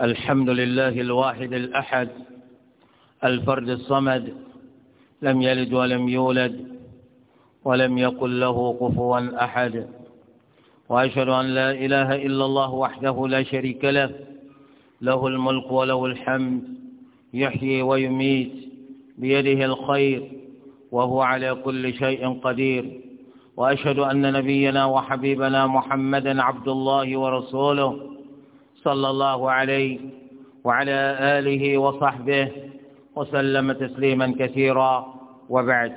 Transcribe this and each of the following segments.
الحمد لله الواحد الأحد الفرد الصمد لم يلد ولم يولد ولم يقل له كفوا أحد وأشهد أن لا إله إلا الله وحده لا شريك له له الملك وله الحمد يحيي ويميت بيده الخير وهو على كل شيء قدير وأشهد أن نبينا وحبيبنا محمدا عبد الله ورسوله صلى الله عليه وعلى آله وصحبه وسلم تسليما كثيرا وبعد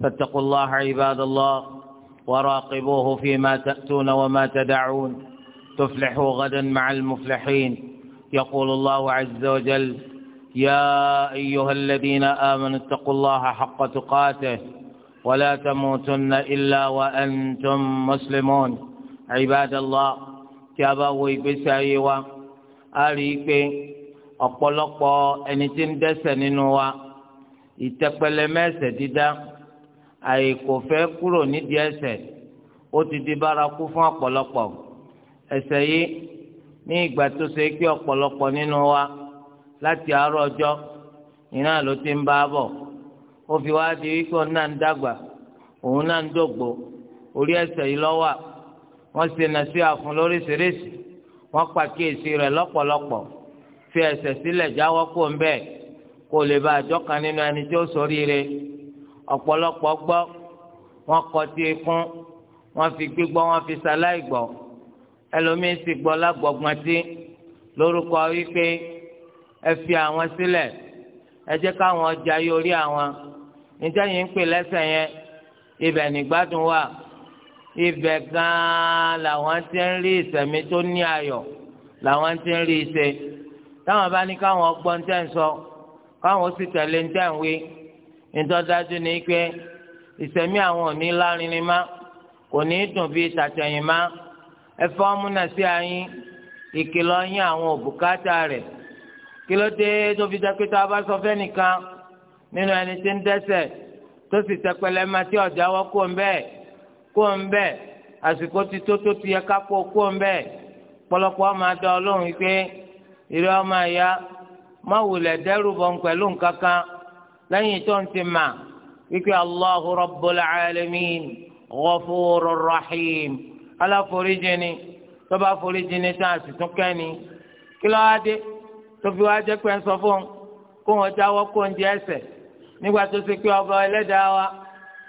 فاتقوا الله عباد الله وراقبوه فيما تأتون وما تدعون تفلحوا غدا مع المفلحين يقول الله عز وجل يا أيها الذين آمنوا اتقوا الله حق تقاته ولا تموتن إلا وأنتم مسلمون عباد الله tí a bá wo ìgbésí ayé wa a rí i pé ọ̀pọ̀lọpọ̀ ẹni tí ń dẹ́ṣẹ̀ nínú wa ìtẹpẹlẹ mẹ́ṣẹ̀ dídá àìkò fẹ́ kúrò nídìí ẹ̀ṣẹ̀ ó ti di bárakú fún ọ̀pọ̀lọpọ̀ ẹ̀ṣẹ̀ yìí ní ìgbà tó ṣe pé ọ̀pọ̀lọpọ̀ nínú wa láti àárọ̀ ọjọ́ iná ló ti ń bá a bọ̀ ó fi wá di wípé òun ń dàgbà òun náà ń dògbò orí ẹ̀ṣẹ̀ yìí ló wà wọ́n ṣe nàṣíà fún lóríṣiríṣi wọ́n pàkíyèsí rẹ̀ lọ́pọ̀lọpọ̀ fi ẹsẹ̀ sílẹ̀ jáwọ́ kó ń bẹ́ẹ̀ kó lè bá àjọ kan nínú ẹni tí ó ṣoríire ọ̀pọ̀lọpọ̀ gbọ́ wọ́n kọ tí ikún wọ́n fi gbígbọ́ wọ́n fi ṣaláì gbọ́ ẹlòmíín sì gbọ́ lágbọ̀gbọ́n tí lórúkọ wípé ẹ fi àwọn sílẹ̀ ẹ jẹ́ káwọn jayé orí àwọn níjẹ́ yìí ń pè lẹ́sẹ̀ yẹn ibẹ̀ nígbádùn wà ibẹ̀ gan-an làwọn ti ń rí ìsẹ̀mí tó ní ayọ̀ làwọn ti ń rí ìṣe táwọn bá ní káwọn gbọ́n ń sọ káwọn sì tẹ̀lé ń tẹ̀ ìtọ́jájú ni pé ìsẹ̀mí àwọn ò ní lárin ni má kò ní dùn bíi tàtẹ̀yìn má ẹ fọ́ múnà sí ayín ìkìlọ̀ yín àwọn òbúkátà rẹ̀ kí ló dé tó fi jẹ́ pé tá a bá sọ fẹ́ nìkan nínú ẹni tí ń dẹ́ṣẹ̀ tó sì tẹpẹlẹ máa tí ọ̀jà wọ́kọ̀ ń bẹ́ẹ̀ kó ń àsìkò ti tó tó ti yẹ ká kó kó ń bẹ̀ pọ̀lọpọ̀ ọmọ adá ọlọ́run yìí pé ìrẹ́ ọmọ ẹ̀yà má wulẹ̀ dẹ́rù bọ̀ tó ń ti mà wípé Allahu Rabbul Alamin Ghafurur Rahim aláforíjìnì tó bá tán wá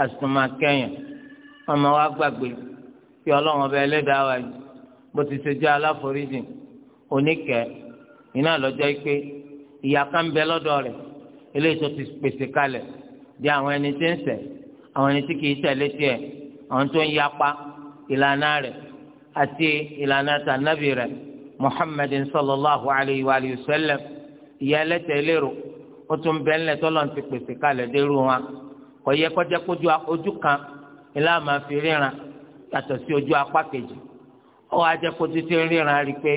àsùnmọ̀ kẹ́yìn ọmọ wa gbàgbé kí ọlọ́run ọba ẹlẹ́dàá wa yìí bó ti ṣe jẹ́ aláforíjì iná lọ́jọ́ pé ìyà kan bẹ lọ́dọ̀ rẹ̀ eléyìí tó ti pèsè kalẹ̀ di àwọn ẹni tí ń ṣẹ̀ àwọn ẹni tí kìí ọ tiẹ̀ àwọn tó ń yapa ìlànà rẹ àti ìlànà tànàbì muhammadin sallallahu alayhi wa sallam ó tún ti pèsè wọn. kọyẹ kọjẹ kójú ojú kan ilá máa fi ríran yàtọ̀ sí ojú apá kejì ó wàá jẹ kó títí ríran rí pé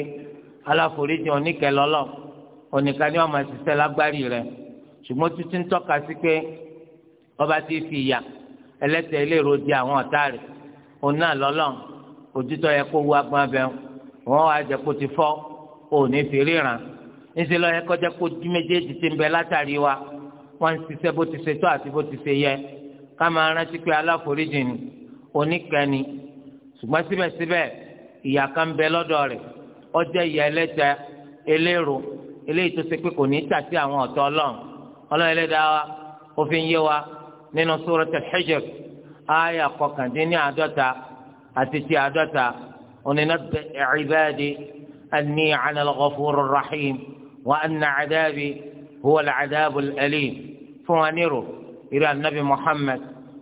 aláforíjì oníkẹlọlọ oníkan ni wọn máa ṣiṣẹ́ lágbárí rẹ ṣùgbọ́n títí ń tọ́ka sí pé ọba ti fi ìyà ẹlẹ́ṣẹ̀ eléèrò di àwọn ọ̀tá rẹ̀ òun náà lọ́lọ́ òtítọ́ yẹ kó wu agbọn abẹ wọn wàá jẹ kó ti fọ́ òní fi ríran ńṣe lọ́yẹ kọjá kó méjèèjì ti ń bẹ látàrí wa wọ́n ń ṣiṣẹ́ bó ti ṣe tó àti bó ti ṣe yẹ ká máa rántí pé aláforíjì ni oníkẹ́ni ṣùgbọ́n síbẹ̀síbẹ̀ ìyà kan bẹ lọ́dọ̀ rẹ̀ ó jẹ́ ìyà ẹlẹ́tẹ̀ eléèrò eléyìí tó ṣe pé kò ní tà sí àwọn ọ̀tọ̀ ọlọ́run ọlọ́run ẹlẹ́dàá wa ó fi ń yé wa nínú Suratul Hijr àyà kọkàndínní àádọ́ta àti ti àádọ́ta onínà ibadi anni ana al-ghafurur rahim wa anna adabi huwa al-'adhabu al-alim fún wa nírò ìrẹ anabi muhammed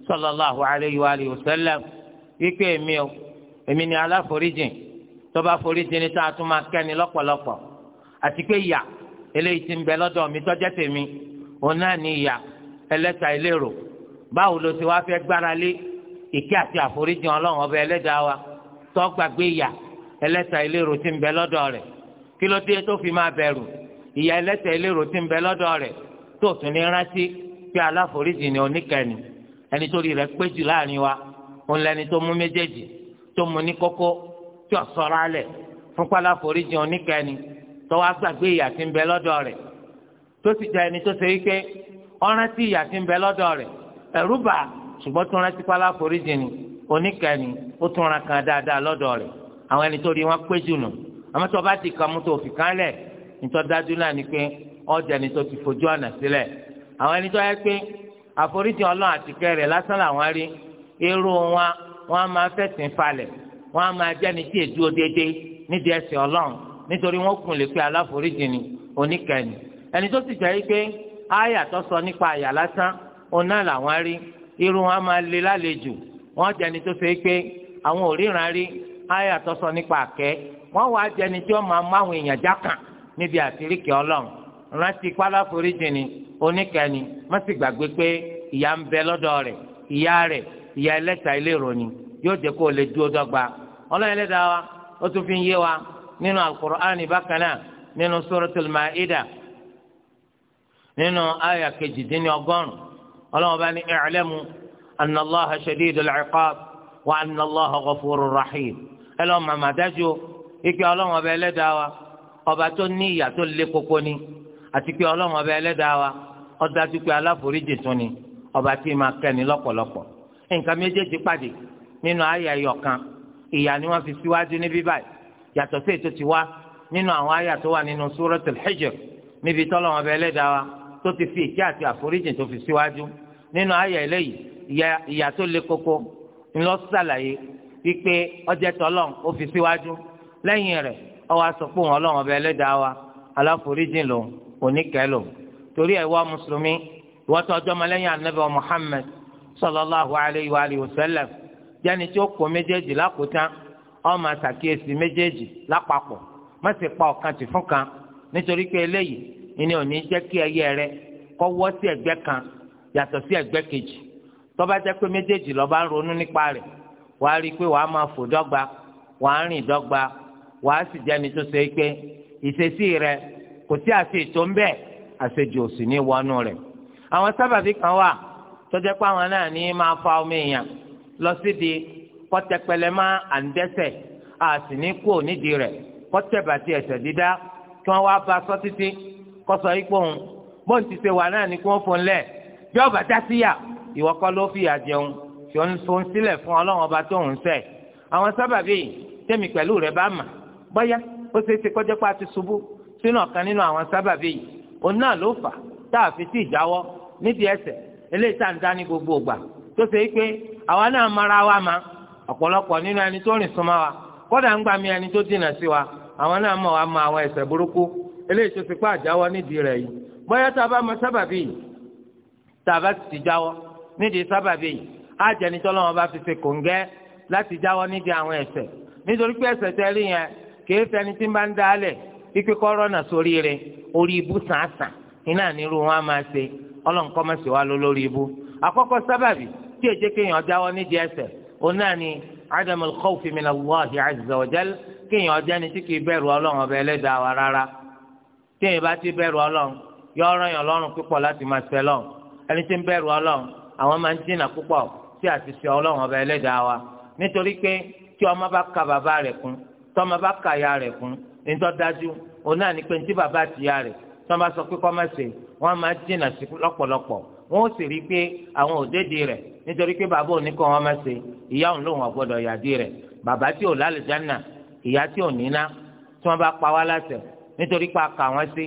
sallallahu alayhi wa alihi wa sallam wípé èmi o èmi ni aláforíjìn tó bá foríjìn ní sáà tó máa kẹ́ni lọ́pọ̀lọpọ̀ àti pé ìyà eléyìí tí ń bẹ lọ́dọ̀ mi tọ́jẹ́ tèmi òun náà ni ìyà ẹlẹ́ta ìlérò báwo ló ti wá fẹ́ gbára lé ìkẹ́ àti àforíjìn ọlọ́run ọba ẹlẹ́dàá wa tó gbàgbé ìyà ẹlẹ́ta ìlérò tí ń bẹ lọ́dọ̀ rẹ̀ kí ló dé tó fi máa bẹ̀rù ìyá ẹlẹ́ṣẹ̀ eléro tí ń bẹ lọ́dọ̀ rẹ̀ tó tún ní rántí pé aláforíjì ni oníkẹni ẹni tó rí rẹ̀ pé jù láàrin wa òun lẹni tó mú méjèèjì tó mú ní kókó tí ò sọ̀rọ̀ alẹ̀ fún pé aláforíjì oníkẹni tó wá gbàgbé ìyá tí ń bẹ lọ́dọ̀ rẹ̀ tó sì jẹ́ ẹni tó ṣe wípé ọ̀rántí ìyá tí ń bẹ lọ́dọ̀ rẹ̀ ẹ̀rú bà ṣùgbọ́n tó rántí pé aláforíjì ni oníkẹni ó tún ra kan dáadáa lọ́dọ̀ rẹ̀ àwọn ẹni tó rí wọn pé jù nù àmọ́ tó bá ti kàn mú tó fi kan lẹ̀ nítorí dájú náà ni pé ọjà ni tó ti fojú ọ̀nà sílẹ̀ àwọn ẹni tó yẹ pé àforíjì ọlọ́run àti kẹrẹ̀ lásán làwọn rí irú wọn wọn á máa fẹ̀sìn falẹ̀ wọn á máa jẹ́ni tí èdú déédéé nídìí ẹ̀sìn ọlọ́run nítorí wọn kùn lè pé aláforíjì ni oníkẹ́ni ẹni tó ti jẹ́ pé àyà tó sọ nípa àyà lásán òun náà làwọn rí irú wọn á máa le lálejò wọn jẹ́ni tó ṣe pé àwọn òríran rí àyà tó nípa àkẹ́ wọn wàá jẹ́ni tí wọn máa máwọn èèyàn já kàn níbi àtiríkì ọlọ́run rántí pálá foríjì ni oníkẹ́ni má sì gbàgbé pé ìyá ń bẹ lọ́dọ̀ rẹ̀ ìyá rẹ̀ ìyá ẹlẹ́ta ilé ìròyìn yóò jẹ́ kó lè dúró dọ́gba ọlọ́run ẹlẹ́dàá wa ó tún fi ń yé wa nínú Al-Qur'ani bákan náà nínú Suratul Maida nínú àyà kejìdínlọ́gọ́rùn ọlọ́run bá ní i'lamu anna Allaha shadidul wa anna Allaha ghafurur rahim ẹ màmá dájú ike ọlọ́run ọba ẹlẹ́dàá wa ọba tó ní ìyà tó lé koko ni àti pé ọlọ́run ọba ẹlẹ́dàá wa ọdájú pé aláforíjì tún ni ọba tí ma kẹ́ni lọ́pọ̀lọpọ̀ nǹkan méjèèjì pàdé nínú àyà ẹ̀yọ̀kan ìyà ni wọ́n fi síwájú níbí báyìí yàtọ̀ sí ètò tiwa nínú àwọn àyà tó wà nínú Suratul Hijr níbi tọ́lọ́run ọba ẹlẹ́dàá wa tó ti fi ìkí àti àforíjì tó fi síwájú nínú àyà eléyìí ìyà tó le koko ńlọ sàlàyé wípé ọjẹ́ tọ́lọ́run ó fi síwájú lẹ́yìn rẹ̀ ọwọ́ aṣọ pé òun ọlọ́run ọba ẹlẹ́dàá wa aláforíjìn lòun oníkẹ́ lòun torí ẹ̀ wá mùsùlùmí ìwọ́n tó ọjọ́ mọ́lẹ́yìn anabi muhammed sallallahu alayhi wa alihi wa sallam jẹ́ni tí ó kó méjèèjì lákòótán ó máa ṣàkíyèsí méjèèjì lápapọ̀ má sì pa ọ̀kan tì fún kan nítorí pé eléyìí ìní ò ní jẹ́ kí ẹyẹ rẹ kó wọ́ sí ẹgbẹ́ kan yàtọ̀ sí ẹgbẹ́ kejì tó bá pé méjèèjì ló ń ronú nípa rẹ̀ wàá rí i pé wàá máa fò dọ́gba wàá rìn dọ́gba wàá sì jẹ́ni tó ṣe é pé ìṣesí rẹ kò sí àṣe ètò ń bẹ àṣejù ò sì ní wọnú rẹ àwọn sábàbí kan wà tó jẹ́ pé àwọn náà ní máa fa omi èèyàn lọ síbi kọ́tẹ́pẹlẹ má à ń dẹ́ṣẹ̀ a sì ní kú nídìí rẹ̀ kọ́tẹ́bàtì ẹ̀ṣẹ̀ dídá kí wọ́n wá bá sọ títí kọ́sọ ipò òun bóun ti ṣe wà náà ni kí wọ́n fún lẹ̀ bí ọba dá síyà ìwọ kọ́ ló fìyà jẹun tí ó ń fún sílẹ̀ fún ọlọ́run ọba tó ń ṣẹ̀ àwọn sábàbí tèmi pẹ̀lú rẹ̀ bá mà báyá ó ṣe é ṣe kọjá pa ti ṣubú sínú ọ̀kan nínú àwọn sábàbí yìí òun náà ló fà tá a fi sí ìjáwọ́ nídìí ẹsẹ̀ eléyìí tá à ń dá ní gbogbo ògbà tó ṣe é pé àwa náà mara wa ma ọ̀pọ̀lọpọ̀ nínú ẹni tó rìn súnmọ́ wa kódà ń gbà ẹni tó dìnà sí wa àwọn náà mọ̀ wá mọ àwọn ẹsẹ̀ burúkú eléyìí tó ṣe pé àjáwọ́ nídìí rẹ̀ yìí bóyá tá a bá mọ sábàbí yìí tá a bá ti jáwọ́ nídìí sábàbí yìí á jẹ́ nítorí bá fi ṣe kòǹgẹ́ láti jáwọ́ nídìí àwọn ẹsẹ̀ nítorí pé ẹsẹ̀ tẹ́rí yẹn kìí sẹni tí ń bá ń dálẹ̀ pípé kọ́rọ́nà sórí rẹ̀ orí ibú sàásà iná nírú wọn á máa ṣe ọlọ́nkọ́ máa ṣe wá lọ lórí ibú. àkọ́kọ́ sábàbí tí èjé kéèyàn jáwọ́ nídìí ẹsẹ̀ òun náà ni adamul khawfi min Allahi azza wa jal kéèyàn ọjà ni tí kìí bẹ̀rù ọlọ́run ọba ẹlẹ́dàá wa rárá téèyàn bá ti bẹ̀rù ọlọ́run yọ ọ̀rọ̀ púpọ̀ láti máa tọ́mọ bá ka ya rẹ̀ fún nítọ́ dájú òun náà ní pé ní tí bàbá àti ya rẹ̀ tọ́mọ sọ pé kọ́mọ ṣe wọ́n máa jìnnà sí lọ́pọ̀lọpọ̀ wọ́n ó sì rí i pé àwọn òdèdè rẹ̀ nítorí pé bàbá òní kan wọ́n máa ṣe ìyá òun lòun ọ̀gbọ́dọ̀ yàdí rẹ̀ bàbá tí ò lálùjáná ìyá tí ò níná tí wọ́n bá pa wá láṣẹ nítorí pé a kà wọ́n sí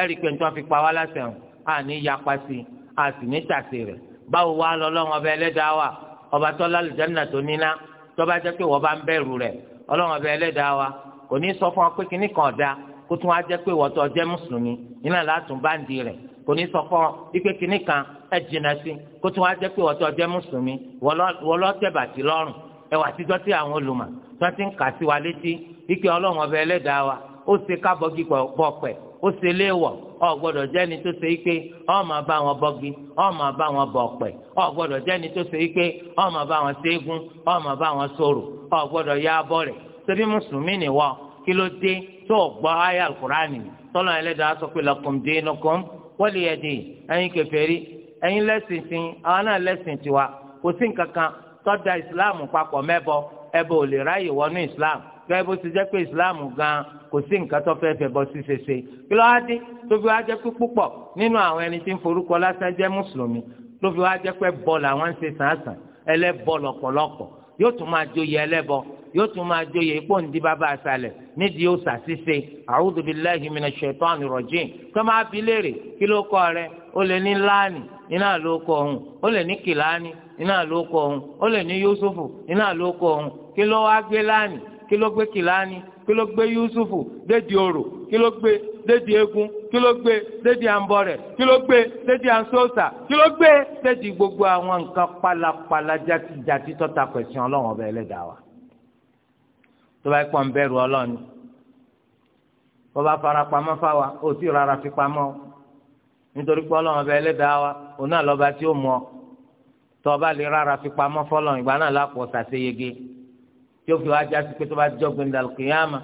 ẹ̀rí pé nítorí fi pa wá láṣẹ hàn á ní yapa sí i á sì ní tàṣe rẹ̀ báwo wá lọ́lọ́run ọba ẹlẹ́dàá wà ọba tó lálùjáná tó níná tó bá jẹ́ pé wọ́n bá ń bẹ̀rù rẹ̀ ọlọ́run ọbẹ̀ ẹlẹ́dàá wa kò ní sọ fún wa pé kinní kan ọ̀dà kó tún wá jẹ́ pé wọ́tọ̀ jẹ́ mùsùlùmí iná látún báńdì rẹ̀ kò ní sọ fún ọ wípé kinní kan ẹ jìnnà sí kó tún wá jẹ́ pé wọ́tọ̀ jẹ́ mùsùlùmí wọ́lọ́ tẹ̀bàtì lọ́rùn ẹwà àtijọ́ tí àwọn olùmọ̀ tí ti ń kà sí wa létí wípé ọlọ́run ọbẹ̀ ẹlẹ́dàá wa ó ṣe kábọ́gì pọ̀ pẹ̀ ó ṣe léèwọ̀ ọ gbọ́dọ̀ jẹ́ ni tó ṣe é pé ọ máa bá wọn bọ́gbí ọ máa bá wọn bọ ọ̀pẹ ọ gbọ́dọ̀ jẹ́ ni tó ṣe é pé ọ máa bá wọn ṣẹ́gun ọ máa bá wọn sọ̀rọ̀ ọ gbọ́dọ̀ yá abọ rẹ ṣebí mùsùlùmí ni wọ́n kí ló dé tó gbọ́ ayé alukurani tọ́lọ́ ẹlẹ́dàá sọ pé lakum dinukum waliya din ẹ̀yin kèfèrí ẹ̀yin lẹ́sìn tì àwọn náà lẹ́sìn tiwa kò sí nǹkan kan tó ìsìláàmù papọ̀ mẹ́bọ ẹbọ ò lè ráyè wọnú ìsìláàmù gẹ́gẹ́ bó ti jẹ́ pé ìsìláàmù gan kò sí nǹkan tó fẹ́ẹ́ fẹ́ bọ́ sí ṣeṣe kí ló wá dé tó fi wá jẹ́ pé púpọ̀ nínú àwọn ẹni tí ń forúkọ lásán jẹ́ mùsùlùmí ló fi wá jẹ́ pé bọ́ọ̀lù àwọn ń ṣe sàǹsàn ẹlẹ́bọ ndị yóò tún máa joyè ẹlẹ́bọ yóò tún máa joyè ipò ǹdí bàbá nídìí máa léèrè kí ló kọ rẹ lè ní láàánì iná ló kọ lè ní kí ló gbé kìláni kí ló gbé yusufu dédi oro kí ló gbé dédi egun kí ló gbé dédi àǹbọ̀rẹ̀ kí ló gbé dédi àǹsóòsà kí ló gbé dédi gbogbo àwọn nǹkan pálapàla jatijati tọ́ta pẹ̀sìn ọlọ́run ọba ẹlẹ́dàá wa tó bá pọ̀ ń bẹ̀rù ọlọ́run wọ́n bá fara pamọ́ fáwa ó sì rárá fi pamọ́ nítorí pé ọlọ́run ọba ẹlẹ́dàá wa òun náà lọ́ba tí ó mọ̀ tọ́ ọba lè rárá fi pamọ́ fọ́lọ́run ìgbà náà lápò ṣàṣeyege tí ó fi wá jásí pé tó bá jọ́gbìn dàlùkìyàmà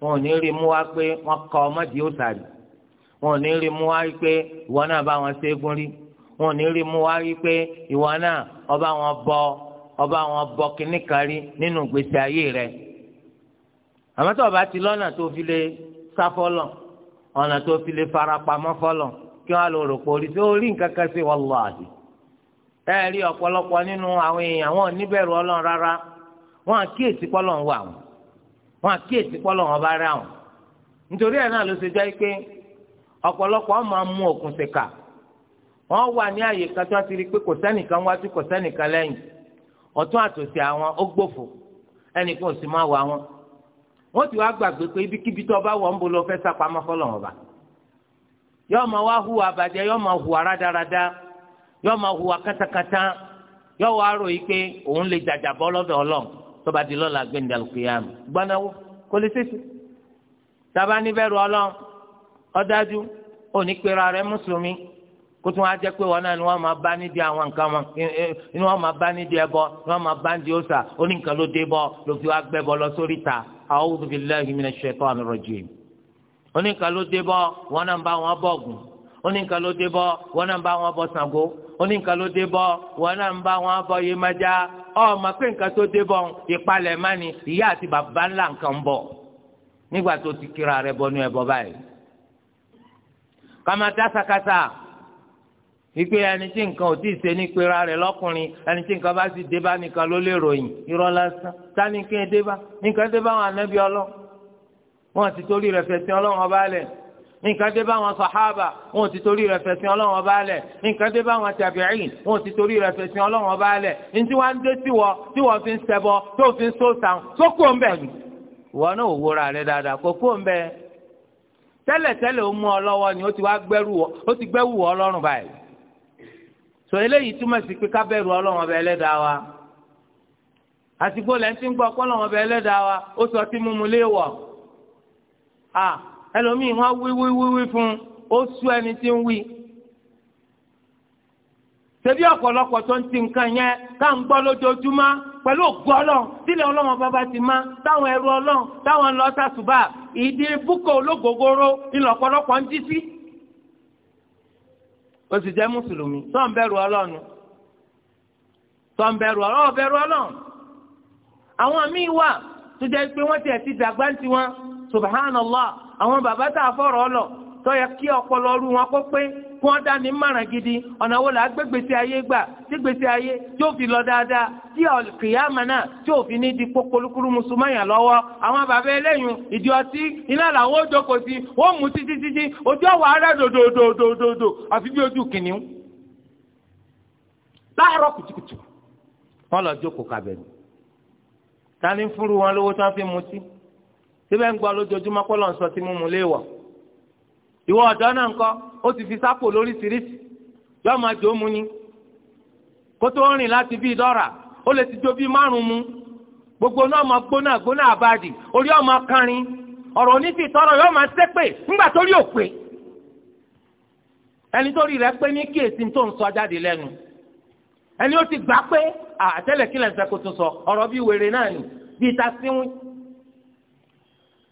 wọn ò ní rí mú wá pé wọ́n kọ́ ọmọdé ó sàrì wọn ò ní rí mú wá pé ìwọ náà bá wọn ṣẹ́gun rí wọn ò ní rí mú wá pé ìwọ náà ọba wọn bọ ọba wọn bọ kínní kan rí nínú ìgbésí ayé rẹ àmọ́ tó o bá ti lọ́nà tó fi lè sá fọ́lọ̀ ọ̀nà tó fi lè farapamọ́ fọ́lọ̀ kí wọ́n lò rò pé orí tí rí nǹkan kan sí wọ́n lọ́ọ̀dì ẹ rí ọ̀pọ̀lọpọ̀ nínú àwọn èèyàn wọn ò níbẹ̀rù ọlọ́run rárá wọn àkíyèsí pọ́lọ̀ ń wà wọn wọn àkíyèsí pọ́lọ̀ wọn bá rà wọn nítorí ẹ náà ló ṣe jẹ́ pé ọ̀pọ̀lọpọ̀ wọn máa mú òkun ṣèkà wọn wà ní àyè wọn rí pé kò sẹ́nìkan kò sẹ́nìkan lẹ́yìn ọ̀tún àtòsí àwọn ó gbòfò ò sì máa wà wọn wọn ti wá gbàgbé pé ibikíbi tó bá wọ̀ ń bolo fẹ́ sápamọ́ fọlọ́wọn yọọ ma wa hu yọọ ma hu aradarada yọọ ma hu akatakata yọọ wa rò pé tọba di lọ́la gbẹ̀ndẹ̀ alùpùpù gbanáwó kò lè ṣèṣe tàbá níbẹ̀rù ọlọ́run ọ̀dájú òní pera rẹ mùsùlùmí kó tún wá jẹ́ pé wọn náà ni wọ́n máa bá nídìí àwọn nǹkan wọn ni wọ́n máa bá nídìí ẹbọ ni wọ́n máa bá nídìí òòṣà oníkan ló dé bọ́ ló fi wá gbẹ́bọ lọ sórí ta a'udhu billahi minash shaitani rajim oníkan ló dé bọ́ wọn náà ń bá wọn bọ Ògún oníkan ló dé bọ́ wọn náà ń bá wọn bọ Ṣàngó oní nǹkan ló dé bọ́ wọn náà ń bá wọn bọ́ yé má já ọmọ pé nǹkan tó dé bọ́ ìpalẹ̀ má ni ìyá àti bàbá ńlá nǹkan ń bọ̀ nígbà tó ti kíra rẹ bọnú ẹbọ báyìí kàmá dásakásá ìpè ẹni tí nǹkan ò tí ì ṣe ní ìpera rẹ lọkùnrin ẹni tí nǹkan bá sì dé bá nìkan ló lè ròyìn irọ́ lásán tani kí ẹ dé bá nìkan dé bá wọn ànábì ọlọ́ wọn ti torí rẹ fẹsẹ̀ ọlọ́run ọba lẹ̀ nǹkan dé báwọn sàhábà wọn ò ti torí rẹ̀ fẹ̀sìn Ọlọ́run ọba lẹ̀ nǹkan dé báwọn tàbíìn wọn ò ti torí rẹ̀ fẹ̀sìn Ọlọ́run ọba lẹ̀ ntí wọn dé tiwọ tí wọn fi ń ṣẹbọ tó fi ń sóòtàn tó kú òun bẹ wọn náà wòra rẹ̀ dáadáa kò kú òun bẹ tẹ́lẹ̀tẹ́lẹ̀ ó mú ọ lọ́wọ́ ni ó ti wá gbẹ́rù ó ti gbẹ́wù ọ lọ́rùn báyìí sọ eléyìí túmọ̀ sí pé ká bẹ̀rù Ọlọ́run ẹlẹ́dàá wa àtìgbò lẹ́ńtí ń gbọ́ Ọlọ́run ọba ẹlẹ́dàá wa ó sọ tí mímu léèwọ̀ ah ẹlòmíì wọn wíwíwíwí fún ó sú ẹni tí ń wí. ṣebí ọ̀pọ̀lọpọ̀ tó ń ti nǹkan yẹn ká ń gbọ́ lójoojúmọ́ pẹ̀lú ògùn ọlọ́run tílẹ̀ ọlọ́run bàbá ti má táwọn ẹrú ọlọ́run táwọn lọ sàṣùbà ìdí búkọ̀ ológogoro ìlọ̀pọ̀lọpọ̀ ń jí sí. ó sì jẹ́ mùsùlùmí tó ń bẹ̀rù ọlọ́run tó ń bẹ̀rù ọlọ́run bẹ̀rù ọlọ́run. àwọn míì wà tó jẹ́ pé wọ́n ti ẹ̀ ti dàgbà ń tiwọn subhanallah àwọn bàbá tá a fọ̀rọ̀ lọ tọ́yẹ kí ọpọlọ ọrú wọn kó pé kí wọ́n dání márùn gidi ọ̀nà wo là á gbé gbèsè ayé gbà tí gbèsè ayé tí ó fi lọ dáadáa tí kìyàmà náà tí ò fi ní di kókólukúrú mùsùlùmáyà lọ́wọ́ àwọn bàbá eléyìn ìdí ọtí iná làwọn ó jókòó sí wọ́n mú títí títí ojú ọ̀wọ́ ará dòdòdòdòdò àfi bí ojú kìnìún láàárọ̀ kùtùkùtù wọ́n lọ jókòó kabẹ̀ tani fúru wọn lówó tí wọ́n fi mutí. síbẹ̀ ń gbọ́ lójoojúmọ́ pé lọ́n sọ tí mímu lé wọ̀ ìwọ ọ̀dọ́ náà ńkọ́ ó ti fi sápò lóríṣiríṣi yọ mu ni kó tó rìn láti bí dọ́ra ó lè ti jó bí márùn mu gbogbo náà máa gbóná gbóná orí ọmọ kanrin ọ̀rọ̀ oníṣì yọ ńgbà tó rí òpè ẹni tó rí rẹ pé ní kíyèsí tó ń sọ jáde lẹ́nu ẹni ó ti gbà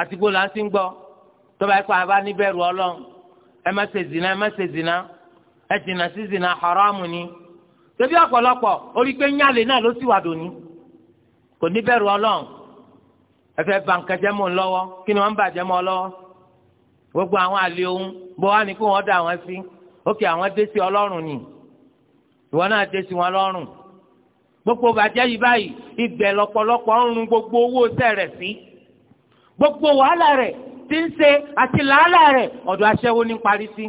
àtìgbò là ń sí gbọ́ tọ́ba ẹ̀kọ́ àbá níbẹ̀rù ọlọ́run ẹ má ṣe zina ẹ má ṣe zina ẹ jìnnà sí zina haramu ni tẹbi ọ̀pọ̀lọpọ̀ orí pé nyálè náà ló sì wà dòní kò níbẹ̀rù ọlọ́run ẹ fẹ́ ba nǹkan jẹ́ mọ́ ọ lọ́wọ́ kí ni wọ́n ń bàjẹ́ mọ́ gbogbo àwọn àlè ohun bó wá ní kó wọ́n dá àwọn sí ókè àwọn dé sí ni ìwọ náà dé wọn lọ́rùn gbogbo bàjẹ́ yìí báyìí ibẹ̀ lọ́pọ̀lọpọ̀ ń run gbogbo owó sẹ̀rẹ̀ sí. Si gbogbo wàhálà rẹ̀ ti ń ṣe àti làálà rẹ̀ ọ̀dọ̀ aṣẹ́wó ní parí sí.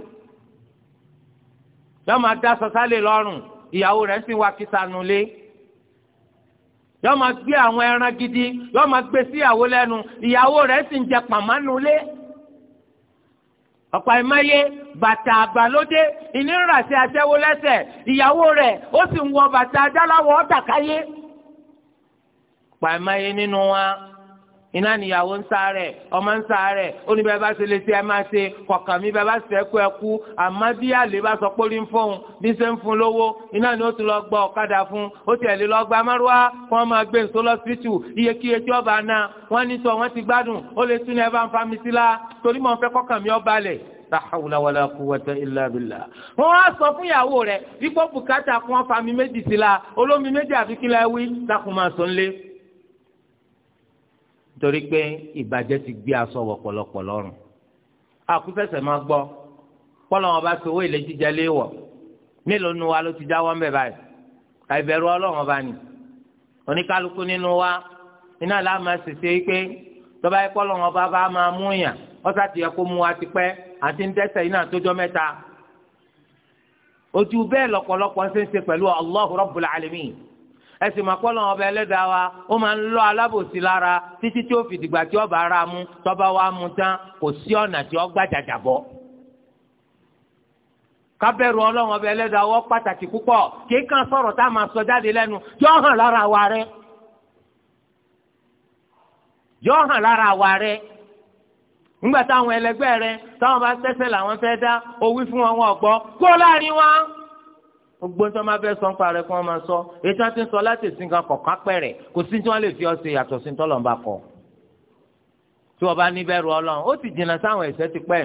yọ́ọ́ máa dá sọ́sálẹ̀ lọ́rùn ìyàwó rẹ̀ sì wá kìsànù lé máa gbé àwọn ẹran gidi yọ́ọ́ máa gbé síyàwó lẹ́nu ìyàwó rẹ̀ sì ń jẹ pàmánù lé ọ̀pọ̀ àìmọye bàtà àgbàlódé ìnira sí aṣẹ́wó lẹ́sẹ̀ ìyàwó rẹ̀ ó sì ń wọ bàtà adáláwọ̀ ọ̀tàkáyé ọ̀pọ̀ àìmọye nínú wa iná níyàwó ń sáré ọmọ ń sáré oníbẹ̀ bá ṣe lè ṣe ẹ máa ṣe kọ̀ọ̀kan mi bẹ̀ bá ṣe ẹkú ẹkú àmọ́ bí àlè bá sọ pórí ń fóun bí ṣe ń fún lówó iná ni ó ti lọ gba ọ̀kadà fún ó ti ẹ̀lẹ́ lọ gba márùá kí wọ́n máa gbé nǹkan lọ́sítù iyekíye tí ọba náà wọ́n ní sọ wọ́n ti gbádùn ó lè tún ẹ bá ń fa sí la torí mọ̀ fẹ́ kọ́kàn mi ọba lẹ̀ tahawula wala quwwata illa billah. wọn á sọ fún ìyàwó rẹ wípé bùkátà la olómi méjì àfikún la wí lákùnmá torí pé ìbàjẹ́ ti gbé aṣọ wọ̀ pọ̀lọpọ̀ lọ́rùn àkúfẹsẹ̀ máa gbọ́ pọ́lọ́ wọn bá ti owó ilé jíjẹ lé wọ̀ mélòó nu wa ló ti jáwọ́ ń bẹ̀ báyìí àìbẹ̀rù ọlọ́run ọba ni oníkálukú nínú wa iná láàmà ṣèṣe pé tọ́ba yẹ pọ́lọ́ wọn bá bá máa mú yàn ọ́sà ti yẹ kó mu wa ti pẹ́ àti ń dẹ́ṣẹ̀ iná tójọ́ mẹ́ta ojú bẹ́ẹ̀ lọ́pọ̀lọpọ̀ ṣe ń ṣe pẹ̀lú Allahu Rabbul Alamin ẹsìn màkọ́lọ́ ọba ẹlẹ́dàá wa ó máa ń lọ alábòsí lára títí tí ó fi dìgbà tí ọba ara mu tọ́ba wa mu tán kò sí ọ̀nà tí ó gbà jàjà bọ́. kábẹ́rù ọlọ́run wọ́ pàtàkì púpọ̀ kí sọ̀rọ̀ tá jáde lẹ́nu yọ hàn lára wa rẹ. yọ hàn lára wa rẹ nígbà táwọn ẹlẹgbẹ́ rẹ táwọn bá tẹ́sẹ̀ làwọn fẹ́ dá owí gbogbo tí wọ́n bá fẹ́ sọ ń parẹ́ kí wọ́n máa sọ èyí tí wọ́n ti ń sọ láti ìsìn kan kọ̀ọ̀kan pẹ̀rẹ̀ kò sí tí wọ́n lè fi ọ ṣe yàtọ̀ sí tọ́lọ̀ ń bá kọ. tí wọ́n bá ní bẹ̀rù ọlọ́run ó ti jìnnà sáwọn ẹ̀ṣẹ̀ ti pẹ́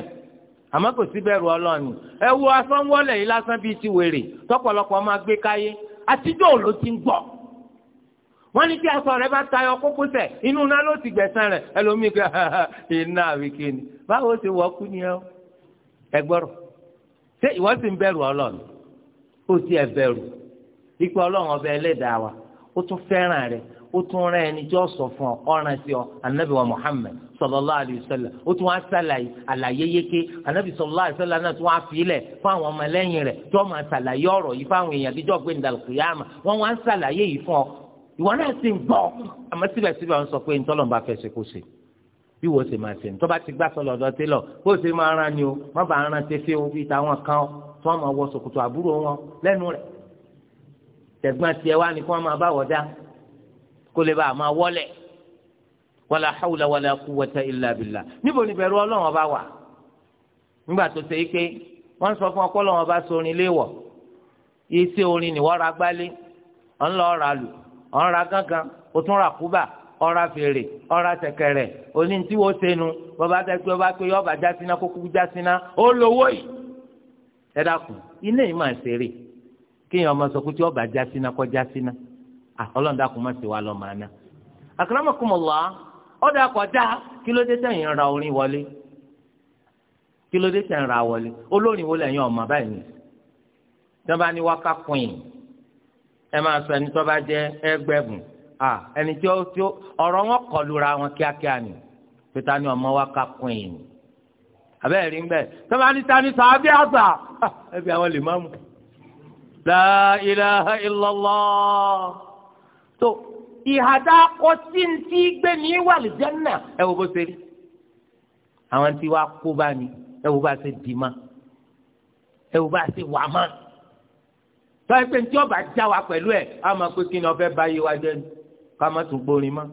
àmọ́ kò sí bẹ̀rù ọlọ́run ẹ wo asánwọ́lẹ̀ yìí lásán bíi ti wèrè tọ́pọ̀lọpọ̀ máa gbé káyé àtijọ́ òòlù ti ń gbọ́ wọ́n ní tí aṣọ ó ti ẹ̀bẹ̀rù ikú ọlọ́run ọba ẹlẹ́dàá wa ó tún fẹ́ràn rẹ̀ ó tún rán ẹni tí ó sọ fún ọ ọ̀ràn sí ọ anabi wa muhammed sallallahu alayhi wa sallam ó tún wá ṣàlàyé àlàyé yéké anabi sallallahu alayhi wa sallam náà tún wá filẹ̀ fún àwọn ọmọlẹ́yìn rẹ̀ tí wọ́n máa ṣàlàyé ọ̀rọ̀ yìí fáwọn èèyàn díjọ́ gbé ndàlùkìyàmà wọ́n wá ń ṣàlàyé yìí fún ọ ìwọ náà sì ń gbọ́ àmọ́ síbẹ̀síbẹ̀ ń sọ pé ntọ́lọ́n bá fẹ́ kó ṣe bí wo ṣe máa ṣe ní bá ti gbà sọ lọ́dọ̀ tẹ́lọ̀ bó ṣe máa rán ni o má bàa rán tẹ́fẹ́ o bí táwọn kan tí wọ́n máa wọ ṣòkòtò àbúrò wọn lẹ́nu rẹ̀ tẹ̀gbọ́n tiẹ̀ wá ní kí wọ́n máa bá wọ̀ dá kó lè bá a máa wọlẹ̀ wala hawla wala quwwata illa billah níbo ni bẹ̀rù ọlọ́run ọba wà nígbà tó ṣe é pé wọ́n sọ fún ọkọ́ ọlọ́run ọba sorin léwọ̀ iṣẹ́ orin ni wọ́n ra gbálé ọ̀nlọ ọ̀ra lù ọ̀nra gángan ó tún ra kúbà ọ̀ra fèrè ọ̀ra tẹ̀kẹ̀rẹ̀ oní tí wọ́n ṣe nu bọ́ba dẹ́gbẹ́ bá pé yọ́ọ̀bà jásínà kókó jásínà ó lówó yìí ẹ dákun ilé yìí máa ṣeré kéèyàn ọmọ sọ ọba já síná kọ́ já síná àkọlọ́n dákun má sì wá lọ màá ná. akramakumullah ọ̀dà kọjá kí nra dé ra orin wọlé ra wọlé olórin ọmọ báyìí ni tí wọ́n bá ní wákà kùn ẹ máa sọ ẹni bá jẹ́ ẹgbẹ́bùn kọlura wọn kíákíá ni ni ọmọ wákà kùn abẹ́ẹ̀ rí bẹ́ẹ̀ tọ́ba ní ta ni sàábí àgbà ẹbí àwọn lè má mu. la ilaha illallah. tó ìhàdá ọtí ti gbé ní wàlìjẹ́nà ẹ wo bó ṣe rí. àwọn tí wàá kó bá ní ẹ wo bá ṣe dì má ẹ wo bá ṣe wà má. tọ́yẹ pé tí ọba já wa pẹ̀lú ẹ̀ á máa pé kí ni ọbẹ̀ bá yé jẹ́ ni ká má tún gbórin má.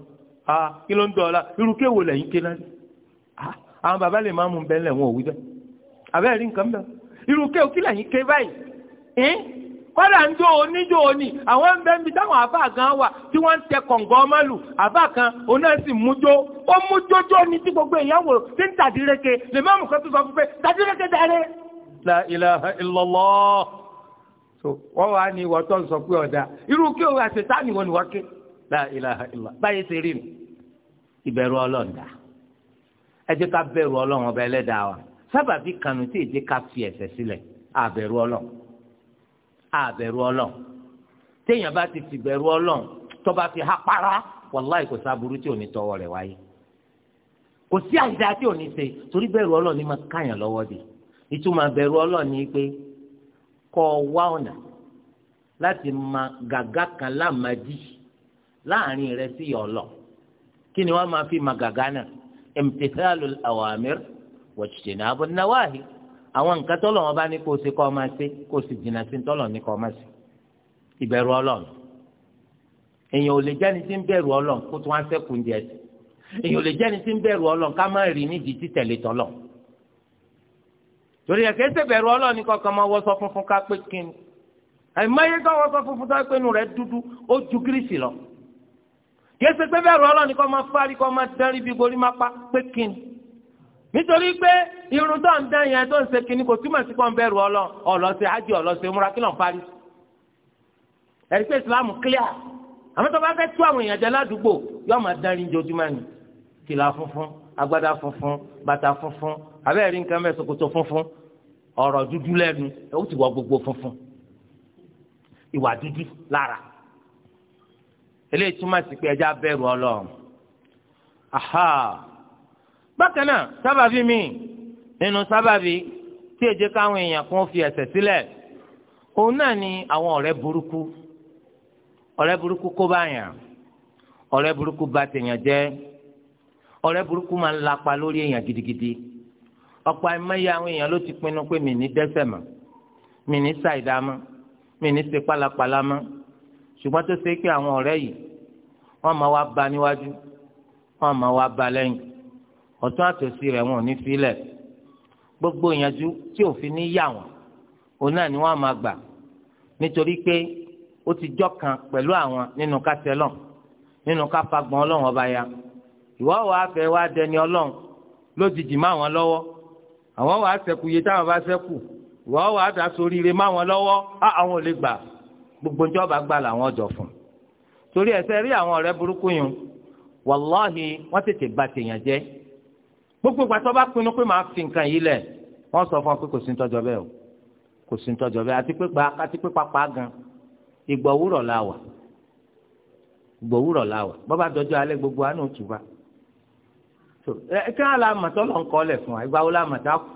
kí ló ń dọ̀ ọ́ la irú kéwò lẹ́yìn kéláyìí àwọn bàbá lè máa mú bẹ́ẹ̀ lẹ̀ wọn ò wí bẹ́ẹ̀ àbẹ́ rí nǹkan bẹ́ẹ̀ irú ké òkí lẹ́yìn ké báyìí kọ́dà ń jó oníjó oní àwọn ń bẹ́ẹ̀ táwọn àbá kan wà tí wọ́n ń ni tí gbogbo èèyàn wò tí ń tàdíreke lè má mú kan tó sọ la ilaha illallah so wọ́n wá ní ìwọ tó ń sọ pé ọ̀dà irú o ni wọ́n ni wọ́n ké la ilaha illallah báyìí ti rí ìbẹ̀rù ọlọ́ọ̀dà ẹ jẹ́ ká bẹ̀rù ọlọ́run ọba ẹlẹ́dàá wa sábàbí kanu tí èjì ká fi ẹ̀ṣẹ̀ sílẹ̀ àbẹ̀rù ọlọ́run àbẹ̀rù ọlọ́run téèyàn bá ti fìbẹ̀rù ọlọ́run tó bá fi hapara wàláì kò sáburú tí ò ní tọwọ́ rẹ̀ wáyé kò sí àìdá tí ò ní ṣe torí bẹ̀rù ọlọ́run ni máa káyàn lọ́wọ́ di ìtumọ̀ bẹ̀rù ọlọ́run ni pé kọ́ wá ọ̀nà láti ma gàgá kan láàmàdí láàrin rẹ sí ọlọ kí ni wọ́n máa fi ma gàgá náà imtithalul awamir wajtinabun nawahi àwọn nǹkan tọ́lọ̀ wọn bá ní kó o ṣe kọ́ ọ máa ṣe kó o sì jìnnà sí tọ́lọ̀ ní kọ́ ọ máa ṣe ìbẹ̀rù ọlọ́run èèyàn ò lè jẹ́ni tí ń bẹ̀rù ọlọ́run kó tó wá sẹ́kù ń jẹ sí èèyàn ò lè jẹ́ni tí ń bẹ̀rù ọlọ́run ká má rí nídìí títẹ̀lé tọ́lọ̀ torí ẹ̀kẹ́ ṣe bẹ̀rù ọlọ́run ní máa wọ́sọ yẹ ṣe pé bẹ́ẹ̀ rọ ọlọ́ni kọ́ máa fárí kọ́ máa dánrí bí gorí máa pa pé kíni nítorí pé irun tó ń dán yẹn tó ń ṣe kíni kò túmọ̀ sí kọ́ ń bẹ̀rù ọlọ́ ọlọ́sẹ̀ ájì ọlọ́sẹ̀ múra kí lọ́n fárí ẹ̀rí pé ìsìlámù clear àmọ́ tó bá fẹ́ tú àwọn èèyàn jẹ ládùúgbò yóò máa dánrí jojúmọ́ ni kìlà funfun agbádá funfun bàtà funfun abẹ́rẹ́ rí nǹkan mẹ́ ṣòkòtò funfun ọ̀rọ̀ dúdú lẹ́nu ó ti wọ gbogbo funfun ìwà dúdú lára eléyìí túmọ̀ sí pé ẹja bẹ̀rù ọlọ́run aha bákan náà sábàbí mi nínú sábàbí tí èjé káwọn èèyàn kan fi ẹ̀ṣẹ̀ sílẹ̀ òun náà ni àwọn ọ̀rẹ́ burúkú ọ̀rẹ́ burúkú kó báyàn ọ̀rẹ́ burúkú bà tèèyàn jẹ́ ọ̀rẹ́ burúkú máa ń lapa lórí èèyàn gidigidi ọ̀pọ̀ àìmọye àwọn èèyàn ló ti pinnu pé mi ní dẹ́ṣẹ̀ mọ́ mi ní ṣàìdá mọ́ mi ní ṣe pálapàla mọ́ ṣùgbọ́n tó ṣe pé àwọn ọ̀rẹ́ yìí wọ́n máa wá ba níwájú wọ́n máa wá ba lẹ́yìn ọ̀tún àtòsí rẹ̀ wọn ò ní filẹ̀ gbogbo ìyànjú tí òfin ní yà wọ́n òun náà ni wọ́n máa gbà nítorí pé ó ti jọ́ kan pẹ̀lú àwọn nínú kásẹ̀lọ̀ nínú káfagbọ́n ọlọ́run ọba ya ìwọ́ wàá fẹ́ wá dẹni ọlọ́run lójijì má wọn lọ́wọ́ àwọn wàá ṣẹ́kù iye táwọn bá ṣẹ́kù ìwọ́ wàá dá sóríire má wọn lọ́wọ́ àwọn ò lè gbà gbogbo ní ọba gbà làwọn ọjọ́ fún torí ẹsẹ̀ rí àwọn ọ̀rẹ́ burúkú yun wàláhì wọ́n tètè ba tèèyàn jẹ́ gbogbo ìgbà tó bá pinnu pé màá fi nǹkan yìí lẹ̀ wọ́n sọ fún ọ pé kò sí nítọ́jọ́ bẹ́ẹ̀ o kò sí nítọ́jọ́ bẹ́ẹ̀ àti pípa àti pípa pa gan ìgbà òwúrọ̀ la wà ìgbà òwúrọ̀ la wà bọ́ bá dọjọ́ alẹ́ gbogbo àánú òtúbà kí wọn la màtọ́ lọ ń kọ́ lẹ̀ fún wa ìgbà wo la màtá kù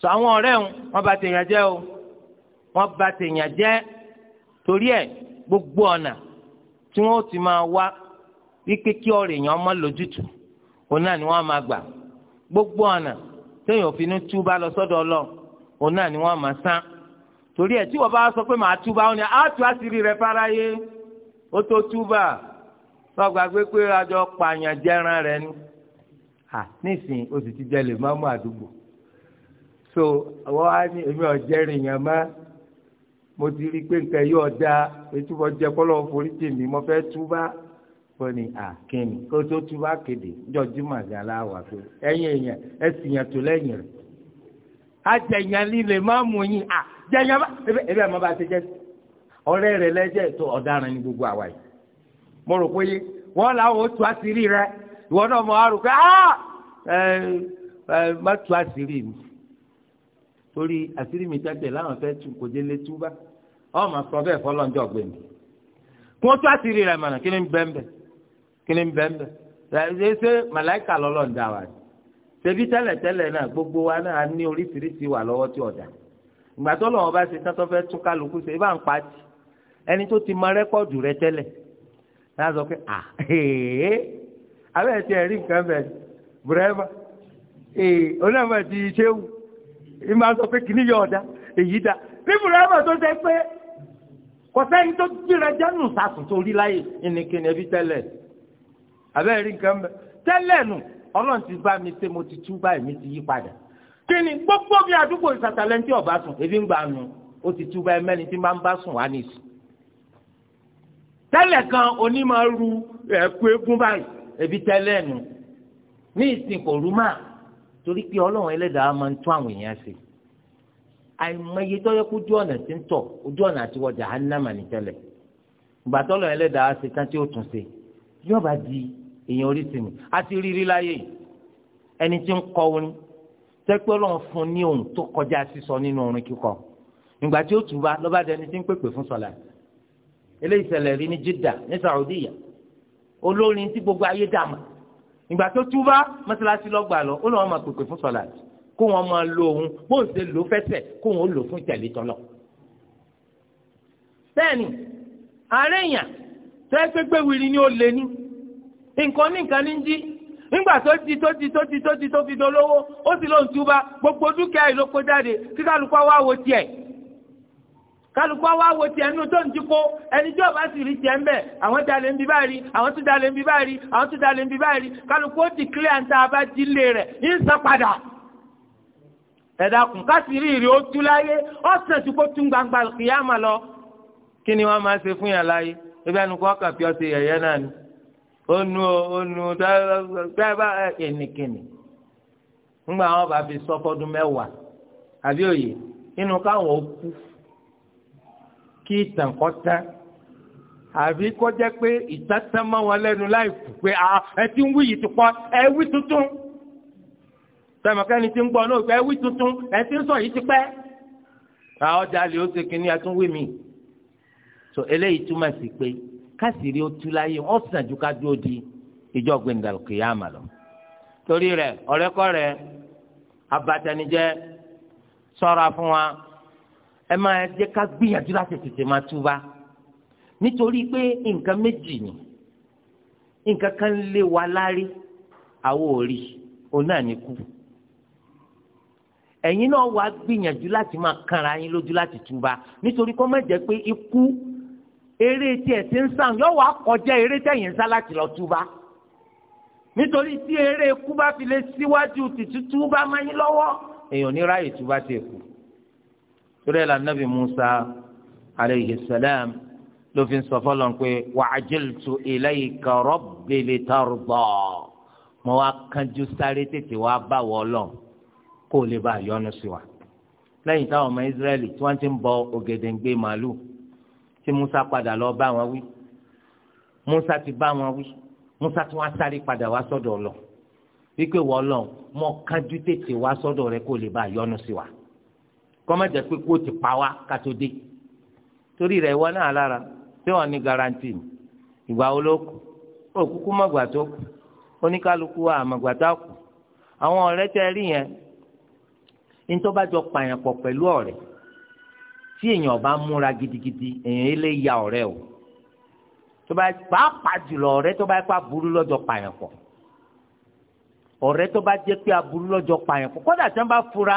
sọ àwọn ọ̀rẹ́ wọn bá tèèyàn jẹ́ o wọ́n bá tèèyàn jẹ́ torí ẹ gbogbo ọ̀nà tí wọ́n ti máa wá wípé kí ọ̀rọ̀ èèyàn mọ́ lójútùú òun náà ni wọ́n máa gbà gbogbo ọ̀nà téèyàn fi ní túbá lọ sọ́dọ̀ ọlọ́run òun náà ni wọ́n máa sán torí ẹ̀ tí wọ́n bá sọ pé màá túbá ó ní àtú àṣírí rẹ̀ fáráyé ó tó túbà wọ́n gbàgbé pé pààyàn jẹ́ran rẹ ni nísìnyí o sì ti jẹ lè má mú so wọ́n á ní mo ti rí i pé nǹkan yóò da ètùbọ̀ jẹ kọ́lọ́ forí jì mí mo fẹ́ túbá kò ní àkínní kó tó túbá kéde jọjú màgà aláwà pé ẹ̀yin èèyàn ẹ sì tó lẹ́yìn rẹ̀ àjẹyàn líle má mú yín à jẹyàn bá ebi àmọ́ bá ti jẹ́ ọ̀rẹ́ rẹ̀ lẹ́jẹ̀ tó ọ̀daràn ní gbogbo àwa yìí mo rò pé wọ́n làwọn ó tu àṣírí rẹ̀ ìwọ náà mo á rò pé ẹ ẹ má tu àṣírí mi. torí àṣírí mi jáde láwọn fẹ́ tu kò délé túbá ọ mà sọ bẹ́ẹ̀ fọlọ́njọ́ gbèmí kí wọ́n tú àṣírí rẹ̀ mọ̀nà kí ni ń bẹ́ẹ̀ bẹ́ẹ̀ kí ni ń bẹ́ẹ̀ bẹ́ẹ̀ ṣe ṣe màláìkà lọ́lọ́ ń dá wa ni ṣebí tẹ́lẹ̀tẹ́lẹ̀ náà gbogbo wa náà ní oríṣiríṣi wà lọ́wọ́ tí ọ̀dà ìgbà tó lọ́wọ́ bá ṣe tán tó fẹ́ tún kálukú ṣe ibà ń pati ẹni tó ti mọ rẹ́kọ̀dù rẹ tẹ́lẹ̀ náà sọ pé à ee abẹ́ẹ̀ tí ẹ̀ rí nǹkan ẹ máa sọ pé kìíní yọ ọ̀dà èyí dá bíbélì ẹ̀ máa tó ṣe pé kọ̀sẹ́ ní tó gbéra jánu sàtún tó rí láyè ìnìkìnì ẹbí tẹ́lẹ̀ abẹ́ rí nǹkan mẹ́ tẹ́lẹ̀ nù ọlọ́run ti bá mi ṣe mo ti tú báyìí mi ti yí padà kí ni gbogbo bí àdúgbò ìsàtàlẹ́ntì ọ̀bá sùn ebi ń gbà nù ó ti tú báyìí mẹ́ni tí máa ń bá sùn wá nìyí tẹ́lẹ̀ kan onímọ̀ ru ẹ̀kú eégún báyìí ebi tẹ́lẹ̀ nù ní ìsìn kò rú máa torí pé ọlọ́run ẹlẹ́dàá máa ń tún àwọn èèyàn ṣe àìmọye tọ́jọ́ kó ojú ọ̀nà ti ń tọ̀ ojú ọ̀nà àti wọ Jahannama ní tẹ́lẹ̀ ìgbà tọ́lọ́run ẹlẹ́dàá ṣe tán tí ó tún ṣe yóò bá di èèyàn oríṣi mi àti rírí láyé ẹni tí ń kọ orin tẹ́pẹ́ ọlọ́run fún ní ohun tó kọjá sísọ nínú orin kíkọ ìgbà tí ó túba lọ́ba dẹni tí ń pèpè fún sọ̀lá eléyìí ṣẹlẹ̀ rí ní Jeddah ní Saudiya olórin tí gbogbo ayé dàmà ìgbà tó túbá mọ́sálásí lọ́gbà lọ ó lọ́wọ́ máa pèpè fún sọ̀lá kó wọn máa lo òun bó ń ṣe lò fẹsẹ̀ kó wọn ó lò fún ìtẹ̀lé tọ́lọ̀. bẹ́ẹ̀ni ààrẹ èèyàn tẹ́gbẹ́gbẹ́ wiri ni ó lé ní nǹkan ní nǹkan ní jí nígbà tó ti tó ti tó ti tó ti tó fi dolówó ó sì lóun túbá gbogbo dúkìá ìlókó jáde kíkálukú wa wo tiẹ̀ kálukú wa wo tiẹ̀ nínú tó ń ti kó ẹni tí ọba sì rí tiẹ̀ ń bẹ̀ àwọn báyìí àwọn báyìí àwọn báyìí ó ti kílẹ̀ àǹtá abá ti lé rẹ̀ ń padà. ẹ̀dá rí láyé gbangba lọ. kí ni wọ́n máa ṣe fún yàn láyé ebi kọ́ fi ọtí yẹ̀yẹ́ náà ni. ó nu ó nu wọn bá fi sọ fọdún mẹ́wàá àbí òye káwọn ó kí ìtàn kọ́ àbí kọ́ jẹ́ pé ìtàn wọn lẹ́nu láì fò pé a ti ń wí yìí ti pọ ẹwí wí tuntun tẹmọkẹ́ni ti ń gbọ́ náà pé ẹwí tuntun ẹ ń sọ yìí ti pẹ àwọn ọjà lè ó ṣe kínní àtúnwí mi so eléyìí túmọ̀ sí pé kásìrí ó tú láyé ó sàn ju ká dúró di ìjọ torí fún wa. ẹ máa jẹ́ ká gbìyànjú láti tètè máa túbá nítorí pé nǹkan méjì ni nǹkan kan lé wa lárí àwọn ò rí òun náà ní kú ẹ̀yin náà wàá gbìyànjú láti máa kanra yín lójú láti túbá nítorí kó má jẹ́ pé ikú eré tiẹ̀ ti ń sàn yóò wá kọjá eré tẹ̀yìn ń sá láti lọ túbá nítorí tí eré ikú bá fi lè síwájú tìtútú bá máa yín lọ́wọ́ èèyàn ní ráàyè túbá ti kú torí ẹ̀ la nabi musa aleyhi salam ló fi ń sọ fọlọ́ pé wa'ajiltu ilayka rabbi litarda mo wá kánjú sáré tètè wá bá Ọlọ́run kó o lè bá a yọ́nú sí wa lẹ́yìn táwọn ọmọ israẹli tí wọ́n ti ń bọ ògèdèǹgbè màálùú tí musa padà lọ bá wọn wí musa ti bá wọn wí musa tí wọ́n sáré padà wá sọ́dọ̀ Ọlọ́run wípé wọ́n lọ mo kánjú tètè wá sọ́dọ̀ rẹ kó o lè bá a yọ́nú sí wa kọ́mọ̀jẹ́ pé kó ti pa wá kátó dé torí rẹ̀ wọ́n náà lára tí wọ́n ní garanti ìgbà wo ló kù ó kúkú mọ̀gbà tó kù oníkálukú àmọ̀gbà tá kù àwọn ọ̀rẹ́ tẹ́ rí yẹn ní tó bá jọ pààyàn pọ̀ pẹ̀lú ọ̀rẹ́ tí èèyàn bá múra gidigidi èèyàn ilé ya ọ̀rẹ́ o tó bá pàápàá jùlọ ọ̀rẹ́ tó bá pa burú lọ́jọ́ pààyàn pọ̀ ọ̀rẹ́ tó bá jẹ́ pé aburú lọ́jọ́ pààyàn pọ̀ kódà tí wọ́n bá fura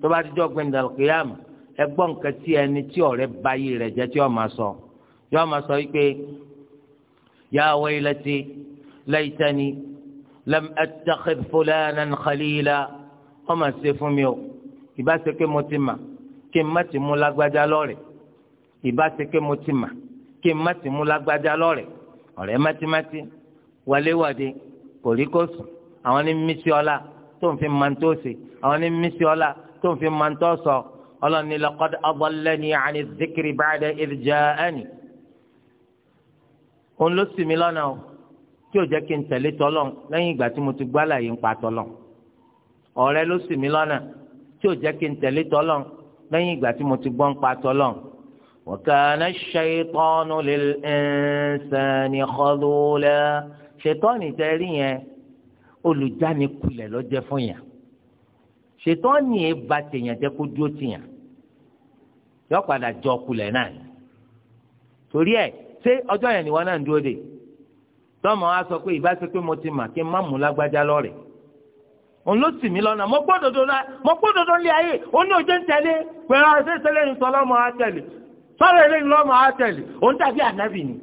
tó bá ti jọ gbẹndà kìyàmù ẹ gbọ́ nǹkan tí ẹni tí ọ̀rẹ́ báyé rẹ̀ jẹ́ tí ó máa sọ yóò máa sọ wípé ya waylati laytani lam attakhidh fulanan khalila ó máa ṣe fún mi o ìbá ṣe pé mo ti mà kí n má ti mú lágbájá lọ́rẹ̀ ìbá ṣe pé mo ti mà kí n ti mú lágbájá lọ́rẹ̀ ọ̀rẹ́ mátímátí wàléwàde kòríkòsùn àwọn ní mísí tó ń fi máa àwọn ní mísí tó ń fi máa ń tọ́ sọ ọlọ́ni laqad adallani ani dhikri ba'da idh ja'ani òun ló sì mí lọ́nà o tí ò jẹ́ kí n tẹ̀lé tọ́lọ̀ lẹ́yìn ìgbà tí mo ti gbá láàyè ń pa tọ́lọ̀ ọ̀rẹ́ ló sì mí lọ́nà tí ò jẹ́ kí n tẹ̀lé tọ́lọ̀ lẹ́yìn ìgbà tí mo ti gbọ́ ń pa tọ́lọ̀ wa kana ash-shaytanu lil-insani khadula ṣètọ́ni ṣètọ́ ni ẹ ba tèèyàn jẹ́ kó dúró tèèyàn yọ padà jọ kulẹ̀ náà ni torí ẹ ṣé ọjọ́ yẹn ni wọn náà ń dúró de tọ́mọ wa sọ pé ìbá ṣe pé mo ti mà kí n má mú lágbájá lọ́rẹ̀ òun ló sì mí lọ́nà mo gbódòdó la mo gbódòdó lé ayé òun ní ojú ń tẹ̀lé pẹ̀lú àwọn ṣe ṣẹlẹ̀ ní sọlọ́mọ wa tẹ̀lé sọ̀rọ̀ eré lọ́mọ wa tẹ̀lé òun tàbí ànábì ni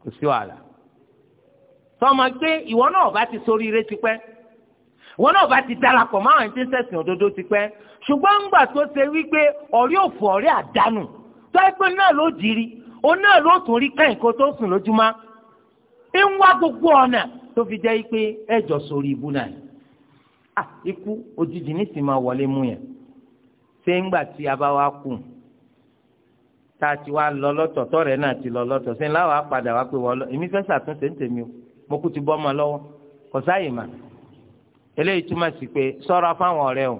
kò sí wàhálà tọ́mọ pé ìwọ náà bá ti sórí ire tipẹ́ wọn náà bá ti darapọ̀ mọ́ àwọn ìpínsẹ̀sìn òdodo ti pẹ́ ṣùgbọ́n ńgbà tó ṣe wípé ọ̀rí òfò ọ̀rí àdánù tó náà ló jìrì òun náà ló tún rí kẹ́hìn tó sùn lójúmọ́ ń wá gbogbo ọ̀nà tó fi jẹ́ sórí náà ikú òjijì máa wọlé mú yẹn ṣé ńgbà tí a bá wá ti lọ lọ́tọ̀ náà ti lọ lọ́tọ̀ ṣé ńlá wàá lọ o eléyìí túmọ̀ sí pé sọ́ra fáwọn ọ̀rẹ́ o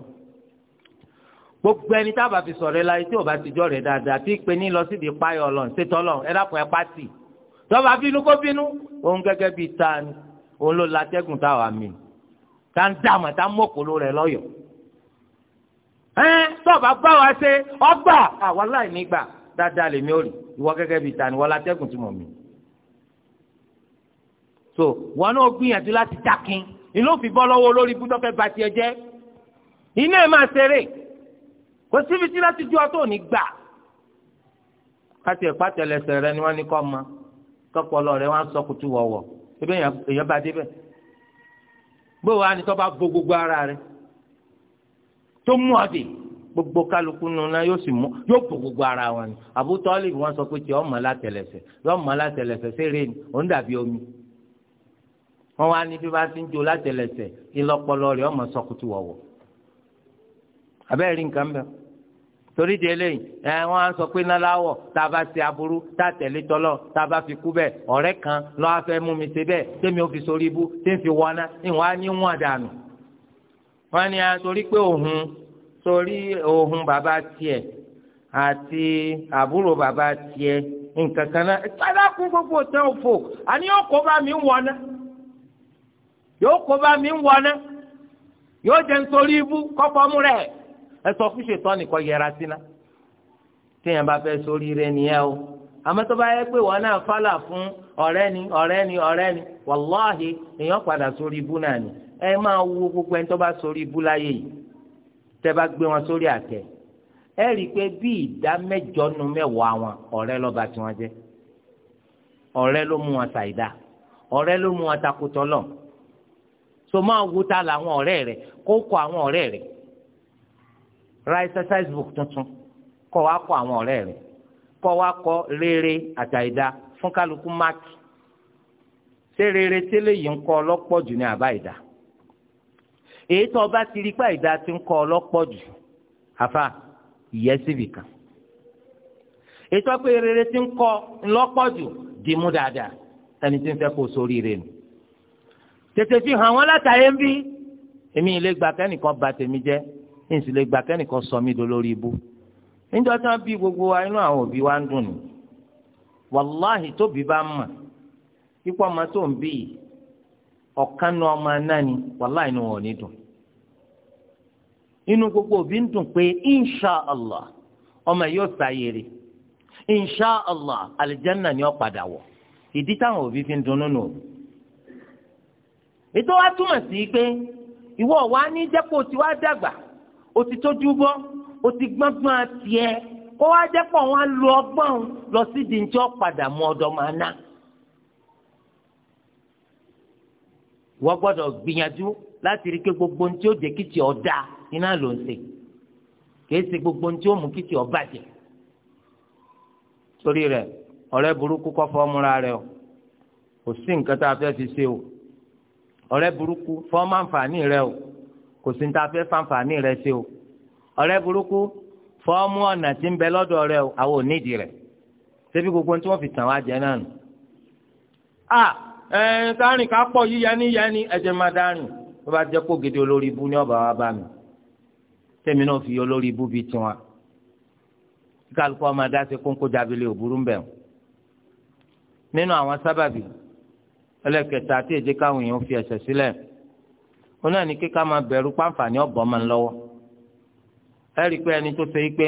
gbogbo ẹni tá a bá fi sọ̀rọ̀ la tí o bá ti jọ rẹ̀ dáadáa tí pé ní lọ sí di páyọ̀ ọlọ́run ṣètò ọlọ́run ẹ dákun ẹ pátì tọ́ba bínú kó bínú òun gẹ́gẹ́ bíi ta ni òun ló latẹ́gùn táwa mi tá ń dààmú tá ń mọ̀kòló rẹ̀ lọ́yọ̀ ẹ tọ́ba bá wa ṣe ọgbà àwa láì nígbà dáadáa lèmi ò rí ìwọ gẹ́gẹ́ bíi ta ni wọ́n latẹ́gùn tí mo mi so wọn náà gbìyànjú láti dákin ìlú òfin bọ́ lọ́wọ́ olórí ibùdó fẹ́ bàtì ẹ jẹ́ iná ẹ̀ máa ṣeré kò síbi tí láti ju ọtọ́ òní gbà káti ẹ̀pá tẹ̀lẹ̀sẹ̀ rẹ ni wọ́n ní kọ́ ma tọpọlọ rẹ wọ́n á sọ kutu wọ̀wọ̀ ebe èèyàn bá débẹ̀ gbówó á ní tọ́ bá bo gbogbo ara rẹ tó mú ọdì gbogbo kálukú nuna yóò sì mú yóò bo gbogbo ara wọn ni àbútọ́lì wọn sọ pé tí ọmọ látẹlẹsẹ yọmọ látẹlẹsẹ sẹ́rẹ̀ ni òun dàbí omi wọn wá ní bí bá ti ń jó látẹlẹsẹ ìlọpọlọ rẹ ọmọ sọkùtù wọwọ abẹ́rẹ́ nǹkan bẹ́ẹ̀ torí di eléyìí ẹ wọn á sọ pé náláwọ tá a bá ṣe aburú tá a tẹ̀lé tọlọ tá a bá fi kú bẹ́ẹ̀ ọ̀rẹ́ kan lọ́ wá fẹ́ mú mi ṣe bẹ́ẹ̀ tẹ́mi ò fi sórí ibú tẹ́mi fi wọná ìwọ̀n á ní wọn dànù wọn ni a torí pé òhun torí òhun bàbá tiẹ̀ àti àbúrò bàbá tiẹ̀ nǹkan kan náà ẹ sábà kún gbogbo tẹ́ òfò àní ọkọ̀ bá mi wọná yóò kó bá mi ń wọná yóò jẹ́ nítorí ibú kọ́kọ́ mú rẹ̀ ẹ sọ fún ṣètọ́ nìkan yẹra síná téèyàn bá fẹ́ sórí rẹ nìyẹn o àmọ́ tó bá yẹ pé wọn náà fálà fún ọ̀rẹ́ ni ọ̀rẹ́ ni ọ̀rẹ́ ni wàláhì èèyàn padà sórí ibú náà ni ẹ máa wo gbogbo ẹni tó bá sórí ibú láyé yìí tẹ́ bá gbé wọn sórí àtẹ ẹ rí i pé bí ìdá mẹ́jọ nu mẹ́wàá wọn ọ̀rẹ́ ló tí wọ́n jẹ́ ọ̀rẹ́ ló mú wọn ṣàìdá ọ̀rẹ́ ló mú wọn takùtọ̀ lọ́n so máa wo ta làwọn ọ̀rẹ́ rẹ kó kọ àwọn ọ̀rẹ́ rẹ ra exercise book tuntun kọ wá kọ àwọn ọ̀rẹ́ rẹ kọ wá kọ rere àtàìdá fún kálukú máàkì ṣé rere tẹ́lẹ̀ yìí ń kọ ọlọ́pọ̀ jù ní àbá èyí tó ọba ti rí pa ìdá ti ń kọ ọlọ́pọ̀ jù àfa ìyẹ́ síbì kan èyí tó ọba rere ti ń kọ ńlọ́pọ̀ jù dìímú dáadáa ẹni tí ń fẹ́ kó sórí rẹ nù tètè fi hàn wọn látàyè ń bí èmi ìlé gba kẹ́nìkan bà tèmi jẹ́ èmi sì gba kẹ́nìkan sọ mí dolórí ibú níjọ́ gbogbo wa inú àwọn òbí wa ń dùn ní wàláhì tóbi bá mọ̀ ipò ọmọ tó ń bí yìí ọ̀kan nu ọmọ náà ni wàláhì inú wọn ò ní dùn inú gbogbo òbí ń dùn pé insha allah ọmọ yóò insha allah ni ó wọ̀ ìdí táwọn òbí fi ń ètò wa túmọ̀ sí pé ìwọ wa ní jẹ́pọ̀ tí wàá dàgbà o ti tójú bọ́ o ti gbọ́ngbọ́n tiẹ̀ kó wá jẹ́pọ̀ wọn lu ọgbọ́n lọ sí dìńjọ́ padà mọ́ ọdọ máa ná. wọ́n gbọ́dọ̀ gbìyànjú láti rí i pé gbogbo ohun tí ó jẹ́ kí tí ọ da iná ló ń ṣe kìí ṣe gbogbo ohun tí ó mú kí tí ọ bàjẹ́. torí rẹ̀ ọ̀rẹ́ burúkú kọ́ fọ́ múra rẹ̀ o kò sí nǹkan tá a fẹ́ fi se o. ọ̀rẹ́ burúkú fọ́ọ̀mù àǹfààní rẹ o kò sí ní ta fẹ́ fàǹfààní rẹ ṣe o ọ̀rẹ́ burúkú fọ́ọ̀mù ọ̀nà tí ń bẹ lọ́dọ̀ rẹ o àwọn onídìí rẹ ṣebí gbogbo tí wọ́n fi tàn wá jẹ náà nù. a ẹ̀ẹ́n sáárìn ká pọ̀ yíya ní yíya ní ẹ̀jẹ̀ máa dárìn tó bá jẹ́ kó gidi olórí ibú ní ọ̀bà wa bá mi tèmi náà fi olórí ibú bíi tiwọn kí kálukú ọmọ adá ṣe kónkó jábílẹ̀ òbúrú ń bẹ̀ nínú àwọn sábàbí ẹlẹ́kẹta tí èjì káwọn èèyàn fi ẹ̀ṣẹ̀ sílẹ̀ ó náà ní kíkà máa bẹ̀rù pàǹfààní ọ̀bọ̀ máa ń lọ́wọ́ ẹ rí i pé ẹni tó ṣe é pé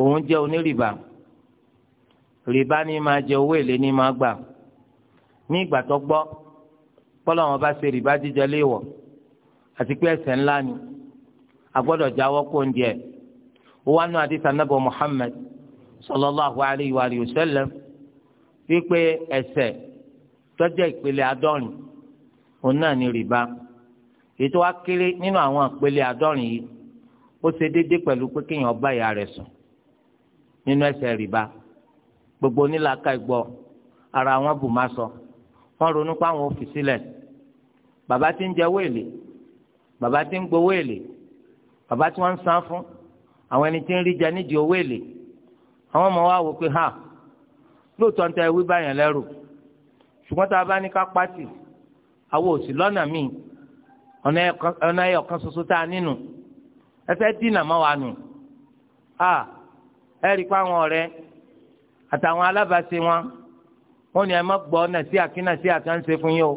òun jẹ́ onírìbà rìbá ni máa jẹ owó èlé ni máa gbà ní ìgbà tó gbọ́ pọ́lọ́ wọn bá ṣe rìbá jíjẹ léèwọ̀ àti pé ẹ̀ṣẹ̀ ńlá ni agbọ́dọ̀ jáwọ́ kó ń diẹ wọn nù àdìsá nàbọ Muhammad sallallahu alayhi wa sallam wípé ẹ̀ṣẹ̀ tọ́jọ́ ìpele àádọ́rin òun náà ni rìbá ètò wa kéré nínú àwọn ìpele àádọ́rin yìí ó ṣe déédéé pẹ̀lú pé kéèyàn bá ìyá rẹ̀ sùn nínú ẹsẹ̀ rìbá gbogbo onílàákà ìgbọ́ ara wọn bù má sọ wọn ronú pé àwọn òfì sílẹ̀ bàbá tí ń jẹ wéèlè bàbá tí ń gbowó èlé bàbá tí wọ́n ń san fún àwọn ẹni tí ń rí jẹ nídìí owó èlé àwọn ọmọ wa wò pé ha lóòótọ́ ń tẹ ewé lẹ́rù ṣùgbọ́n tá a bá ní ká pàtì àwọn òsì lọ́nà míì ọ̀nà ẹ̀yọ̀ kan ṣoṣo tá a nínú ẹ fẹ́ dínà mọ́ wa nù a ẹ rí i pé àwọn ọ̀rẹ́ àtàwọn alábàáṣe wọn wọn ni ẹ má gbọ́ ọ̀nà sí àkínà sí àkànṣe fún yín o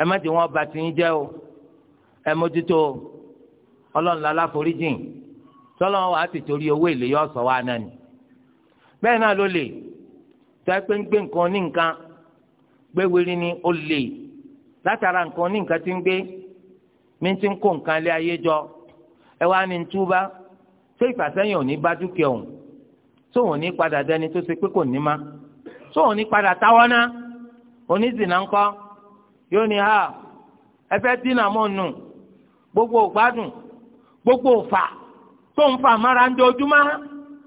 ẹ má ti wọn ba ti yín jẹ́ o ẹ mójútó ọlọ́run lálá foríjìn tọ́lọ́run wàá ti torí owó èlé yọ ọ̀sọ̀ wa náà ni bẹ́ẹ̀ náà ló lè tẹ́ pé ń gbé nǹkan ní nǹkan gbéwèrí ni ó lè látara nǹkan ní nǹkan tí ń gbé mi ti ń kó nǹkan lé ayé jọ ẹ wá ní túbá ṣé ìfàsẹ́yìn ò ní bá dúkìá òun sóhun ní padà dẹni tó ṣe pé kò ní má sóhun ní padà táwọn ná oníṣìnà ńkọ́ yóò ní ha ẹ fẹ́ dínà mọ́ nù gbogbo ògbádùn gbogbo òfà tó ń fà mára ń dojúmọ́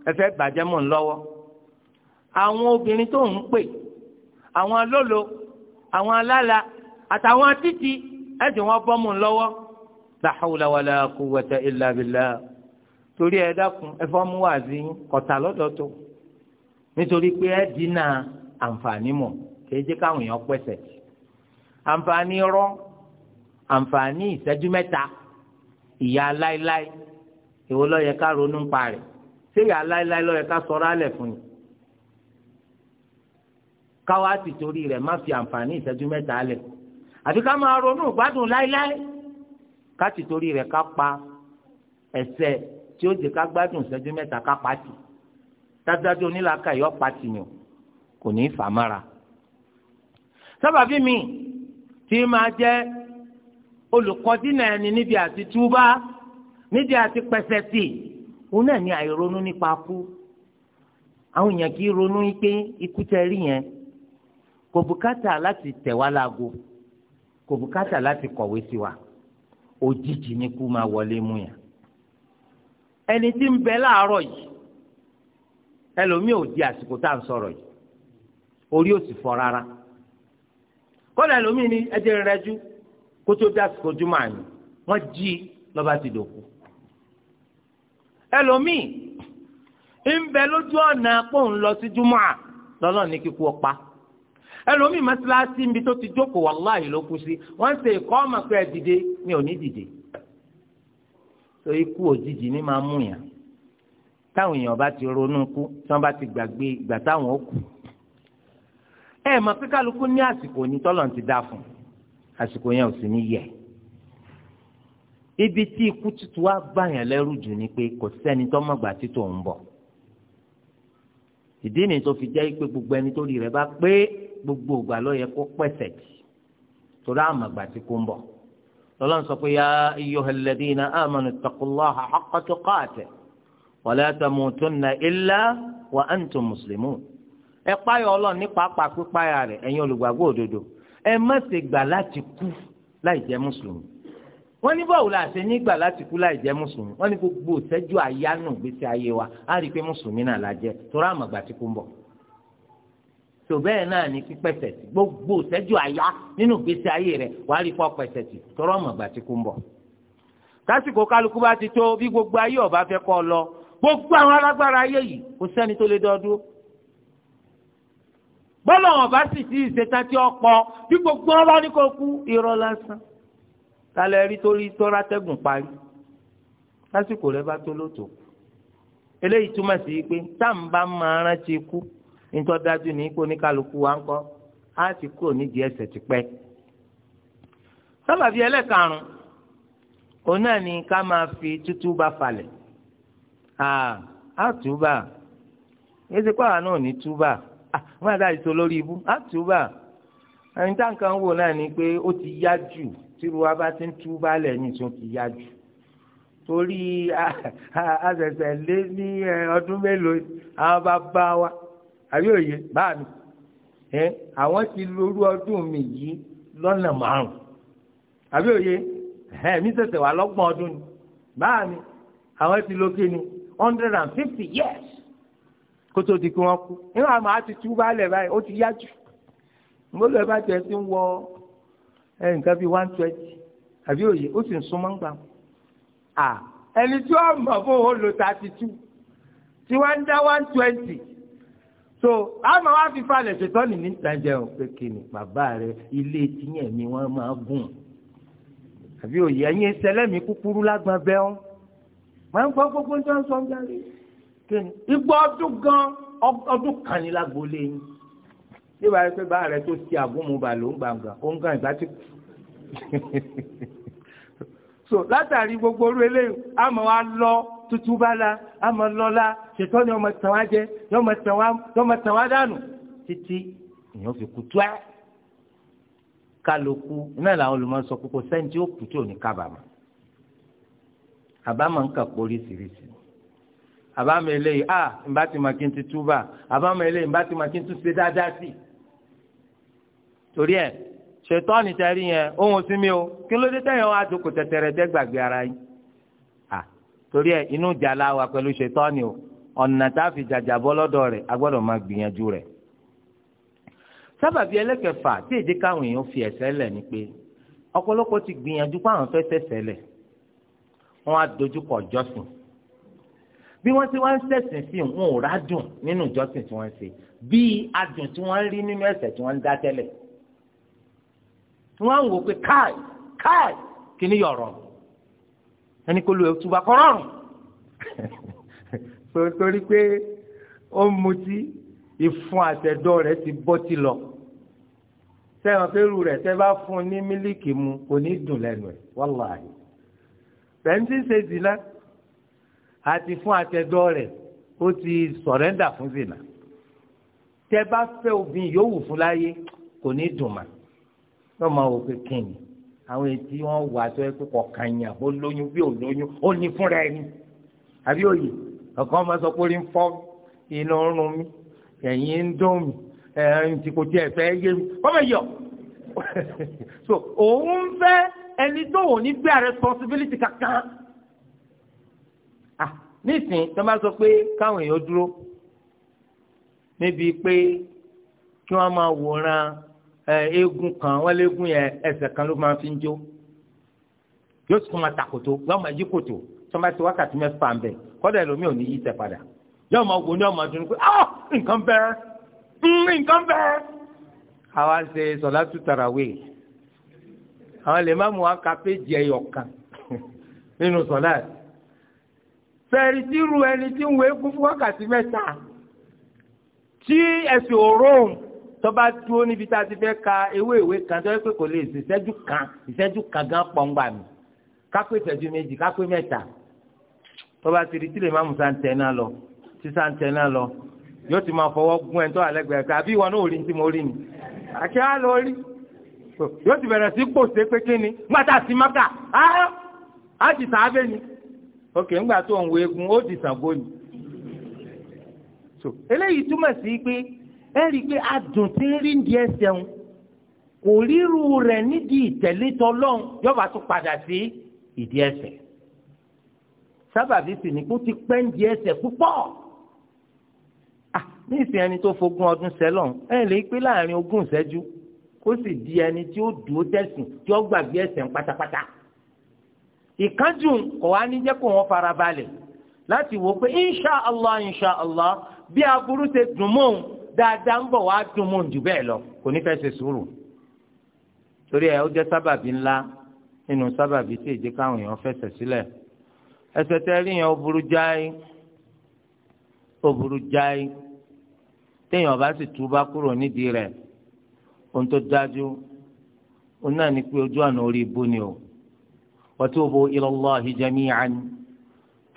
ẹ fẹ́ bàjẹ́ mọ́ ń lọ́wọ́ àwọn obìnrin tó ń pè é àwọn lólo àwọn alála àtàwọn títí ẹ̀sìn wọn bọ́mù lọ́wọ́ la hawla wala quwwata illa billah torí ẹ dákun ẹ fọ́ mú wàásí kọ̀tà lọ́dọ̀ọ́tọ̀ nítorí pé ẹ dínà àǹfààní mọ̀ kì í jẹ́ káwọn èèyàn pẹ̀sẹ̀ àǹfààní rọ́ àǹfààní ìṣẹ́jú mẹ́ta ìyá láéláé èwo ló yẹ ká ronú pa rẹ̀ ṣé ìyá láéláé ló yẹ ká sọ̀rọ̀ alẹ̀ fún yìí káwa ti torí rẹ̀ má fi àǹfààní ìṣẹ́jú mẹ́ta lẹ̀ àfi ká máa ronú ìgbádùn láéláé ká ti torí rẹ̀ ká pa ẹ̀ṣẹ̀ tí ó jẹ́ ká gbádùn ìṣẹ́jú mẹ́ta ká pàtì dájúdájú onílàákà yọ pàtì yàn kò ní í fà mára sábàbí mi tí máa jẹ́ olùkọ́dínà ẹni níbi àti túbá níbi àti pẹ̀sẹ̀ sí òun náà ní àìronú nípa kú àwọn èèyàn kì í ronú pé ikú tẹ rí yẹn kò bùkátà láti tẹ̀ wá láago kò bùkátà láti kọ̀wé sí wa òjijì ni kú máa wọlé mú yàn ẹni tí ń bẹ láàárọ̀ yìí ẹlòmíì ò di àsìkò tá à ń sọ̀rọ̀ yìí orí ò sì fọ́ rárá kọ́lá ẹlòmíì ní ẹjẹ́ rẹ́jú kó tó di àsìkò jùmọ̀ àná wọ́n jí lọ́ba ti dòkú ẹlòmíì ń bẹ lójú ọ̀nà pòun lọ sí jùmọ̀ à lọ́lọ́ọ̀ ní kíkú ọ̀pá ẹlòmíì mọ́sálásí níbi tó ti jókòó wàláhì ló kú sí wọ́n ń ṣe ìkọ́ ọmọ pé ẹ dìde mi ò ní dìde. tó ikú òjijì ní máa mú yàn táwọn èèyàn bá ti ronú kú tí wọ́n bá ti gbàgbé ìgbà táwọn ó kú. ẹ mọ̀ pé kálukú ní àsìkò ní tọ́lọ̀ ti dá fún àsìkò yẹn ò sì ní yẹ ibi tí ikú tuntun wa gbàyàn lẹ́rù jù ni pé kò sẹ́ni tó mọ̀gbà títò ń bọ̀ ìdí nìyí tó fi jẹ́ pé gbogbo ẹni tó rí rẹ̀ bá pé gbogbo ìgbà ló yẹ kó pẹ̀sẹ̀ tì torí àmàgbà tí kò ń bọ̀ lọ́lọ́n sọ pé ya ayyuhal ladina amanu ittaqullaha haqqa wa la tamutunna wa ẹ páyọ Ọlọ́run nípa pàpà pípáyà rẹ̀ ẹ̀yin olùgbàgbọ́ òdodo ẹ má gbà láti kú láì jẹ́ wọ́n ní láti kú láì jẹ́ gbogbo gbèsè ayé wa á rí i pé mùsùlùmí náà la jẹ́ torí àmàgbà tó bẹ́ẹ̀ náà ní pípẹ́sẹ̀ tì gbogbo ìṣẹ́jú àyá nínú ìgbésí ayé rẹ̀ wàá rí fọ́ pẹ̀sẹ̀ tì tọrọ mọ̀ gbà tí kò ń bọ̀. tásìkò kálukú bá ti tó bí gbogbo ayé ọba fẹ́ kọ́ lọ gbogbo àwọn alágbára ayé yìí kò sẹ́ni tó lè dọ́dún. bọ́lá wọn bá sì ti ìṣètà tí ó pọ̀ bí gbogbo wọn bá ní kó kú irọ́ lásán. kálẹ̀ rí torí tọ́ra tẹ́gùn parí tásìkò rẹ̀ bá tó lóto eléyìí túmọ̀ sí pé táǹbà máa rántí ikú nítorí dájú ní kó ní kálukú wa ń kọ́ á ti kúrò nídìí ẹ̀ṣẹ̀ tipẹ́. sábàbí ẹlẹ́karùn-ún òun náà ni ká máa fi tútúbà falẹ̀ á túbà èsì pàrọ̀ náà ní túbà wọ́n á dájú tó lórí ibú á túbà ẹni tá nǹkan wò náà ni pé ó ti yá jù tíru wa bá ti ń túbà lẹ́yìn tó ti yá jù torí àṣẹ̀ṣẹ̀ lé ní ọdún mélòó àwọn bá bá wa àbí òye báàmì ẹ àwọn ti lóru ọdún mi yìí lọ́nà márùn àbí òye ẹ mi tẹ̀sẹ̀ wà lọ́gbọ̀n ọdún ni báàmì àwọn ti lo kíni hundred and fifty years kó tó di kí wọ́n kú nínú àmọ́ àti túbálẹ̀ báyìí ó ti yá jù mọ́lẹ̀ bá tẹ̀ sí ń wọ nǹkan bíi one twenty àbí òye ó sì ń súnmọ́ ń gbà à ẹni tí wọ́n mọ̀ fún òun lò thirty two tí wọ́n ń dá one twenty so àmọ́ wá fi falẹ̀ ṣètọ́ ní nítàjẹ́ ò pé kí ni bàbá rẹ ilé tiyẹn mi wọ́n máa gùn àbí òye ẹ̀yin sẹlẹ́mi kúkúrú lágbọ́n bẹ́ẹ̀ ọ́n máa ń gbọ́ gbogbo ní ọ̀sán jáde kí ni igbó ọdún gan ọdún kan ní lágboolé yín nígbà pé bá rẹ tó ti àgúnmùbà ló ń gbàngàn ó ń gan ìgbà tí kù so látàrí gbogbo orú eléyìí àmọ́ wa lọ tútú bá la àmọ́ lọ́la ṣètọ́ ni ọmọ tàn wá jẹ yọmọ tàn wá dànù títí èèyàn fi kú tó ẹ́ kálukú iná làwọn olùmọ̀sọ kókó sẹ́ńtì ó kù tí ò ní kábàámà àbámọ̀ ń kà póríṣiríṣi àbámọ̀ eléyìí a nbá ti máa kí n ti túbà àbámọ̀ eléyìí nbá ti máa kí n tún ṣe dáadáa sí i torí ẹ ṣètọ́ nìtẹ́rí yẹn ohun sí mi o kí ló dé tẹ̀yàn wá dúkù tẹ̀tẹ̀rẹ̀ tẹ́ ara yín torí ẹ inú ìjà la wà pẹ̀lú ṣètọ́ ni o ọ̀nà tá a fi jàjà bọ́ lọ́dọ̀ rẹ̀ a gbọ́dọ̀ máa gbìyànjú rẹ̀. sábàbí ẹlẹ́kẹ̀fà tí èdè káwọn èèyàn fi ẹ̀sẹ̀ lẹ̀ ni pé ọ̀pọ̀lọpọ̀ ti gbìyànjú páwọn fẹ́ tẹ̀sẹ̀ lẹ̀ wọ́n á dojúkọ jọ́sìn bí wọ́n ti wá ń ṣẹ̀sìn sí wọn ò rádùn nínú ìjọsìn tí wọ́n ń ṣe bíi adùn tí wọ́n rí nínú ẹ̀ṣẹ̀ tí wọ́n ń dá tẹ́lẹ̀ wọ́n á wò torí pé ó ń mutí ìfun àtẹ̀dọ̀ rẹ̀ ti bọ́ ti lọ sẹ́wọ̀n pẹ̀lú rẹ̀ tẹ́ bá fún un ní mílíkì mu kò ní dùn lẹ́nu ẹ̀ wàláhì pẹ̀ntì ṣe zina àti fún àtẹ̀dọ̀ rẹ̀ ó ti sọ̀rẹ́ndà fún zina tẹ́ bá fẹ́ obìnrin yòówù fún láyé kò ní dùn mà wọ́n máa wò pé kíni àwọn etí wọn wà tó ẹ pé kọ̀ọ̀kan ó lóyún bí ò lóyún ó ní fúnra ẹni àbí òye ọkọ máa sọ pé orí ń fọ́ iná ọrùn mi ẹ̀yìn ń dùn mí ẹ̀yìn tí kò tiẹ̀ fẹ́ yé mi ọmọ yọ so òun fẹ́ ẹni tó wò ní a responsibility kankan ah nísìn tó bá sọ pé káwọn èèyàn dúró níbi pé kí wọ́n máa wòran eégún kan wọ́n léegun yẹn ẹsẹ̀ kan ló máa fi ń jó yóò tún máa tàkòtò yóò máa jí kòtò tọ́ba ti wákàtí mẹ́fà ń bẹ̀ kọ́dà ẹlòmíì ò ní yí tẹ̀ padà yóò máa wo ní ọmọ ọdún pé ah nǹkan bẹ́ẹ̀ mm, nǹkan bẹ́ẹ̀. àwa ṣe sọlá tu tarawih àwọn lè má mú wa ka péjì ẹyọ kan nínú sọlá ẹ fẹ́ẹ̀rì tí ru ẹni tí ń wo egun fún wákàtí mẹ́ta tí ẹ̀sìn òróhùn tọ́ba dúró níbi tá a ti fẹ́ ka ewé ìwé kan tó yẹ pé kò lè ṣèṣẹ́jú kan ìṣẹ́jú kan gan pọ̀ ń gbà mí kápẹ́ ìṣẹ́jú méjì kápẹ́ mẹ́ta tọ́ba ti di tílé máàmù sáńtẹ̀ náà lọ tí sáńtẹ̀ náà lọ yóò ti máa fọwọ́ gún ẹ̀ tó àlẹ́gbẹ̀ẹ́ ká àbí ìwọ náà ò rí ní tí mo rí ni àti á lọ rí yóò ti bẹ̀rẹ̀ sí gbòòsè pé kí ni gbàtà sí mọ́kà á ti sàábẹ́ ni òkè ńgbà tó ń wo egun ó di Ṣàngó ni. eléyìí túmọ̀ sí pé ẹ rí i pé adùn tí rí ní ẹsẹ̀ ń kò ríru rẹ̀ nídìí ìtẹ̀lé tọ́lọ́n yọba tó padà sí ìdí ẹsẹ̀ sábàbí sì ní kó ti pẹ́ ń di ẹsẹ̀ púpọ̀ ní ìsìn ẹni tó fogún ọdún sẹ́lọ̀n ẹ lè pé láàrin ogún ìṣẹ́jú kó sì di ẹni tí ó dúró tẹ̀sìn tí ó gbàgbé ẹsẹ̀ ń pátápátá ìkánjú kò wá ní jẹ́ kó wọ́n fara balẹ̀ láti wò pé insha allah insha allah bí aburú ṣe dùn mọ́ òun dáadáa ń bọ̀ wá dùn mọ́ òun jù bẹ́ẹ̀ lọ kò ní fẹ́ ṣe sùúrù torí ẹ ó jẹ́ sábàbí ńlá nínú sábàbí tí èdè káwọn èèyàn fẹsẹ̀ sílẹ̀ ẹsẹ̀ tẹ́ rí yẹn ó burú jáì ó burú jáì téèyàn bá sì túbá kúrò nídìí rẹ̀ ohun tó dájú ó náà ní pé ojú àná orí ibú ni o watubu ila Allahi jami'an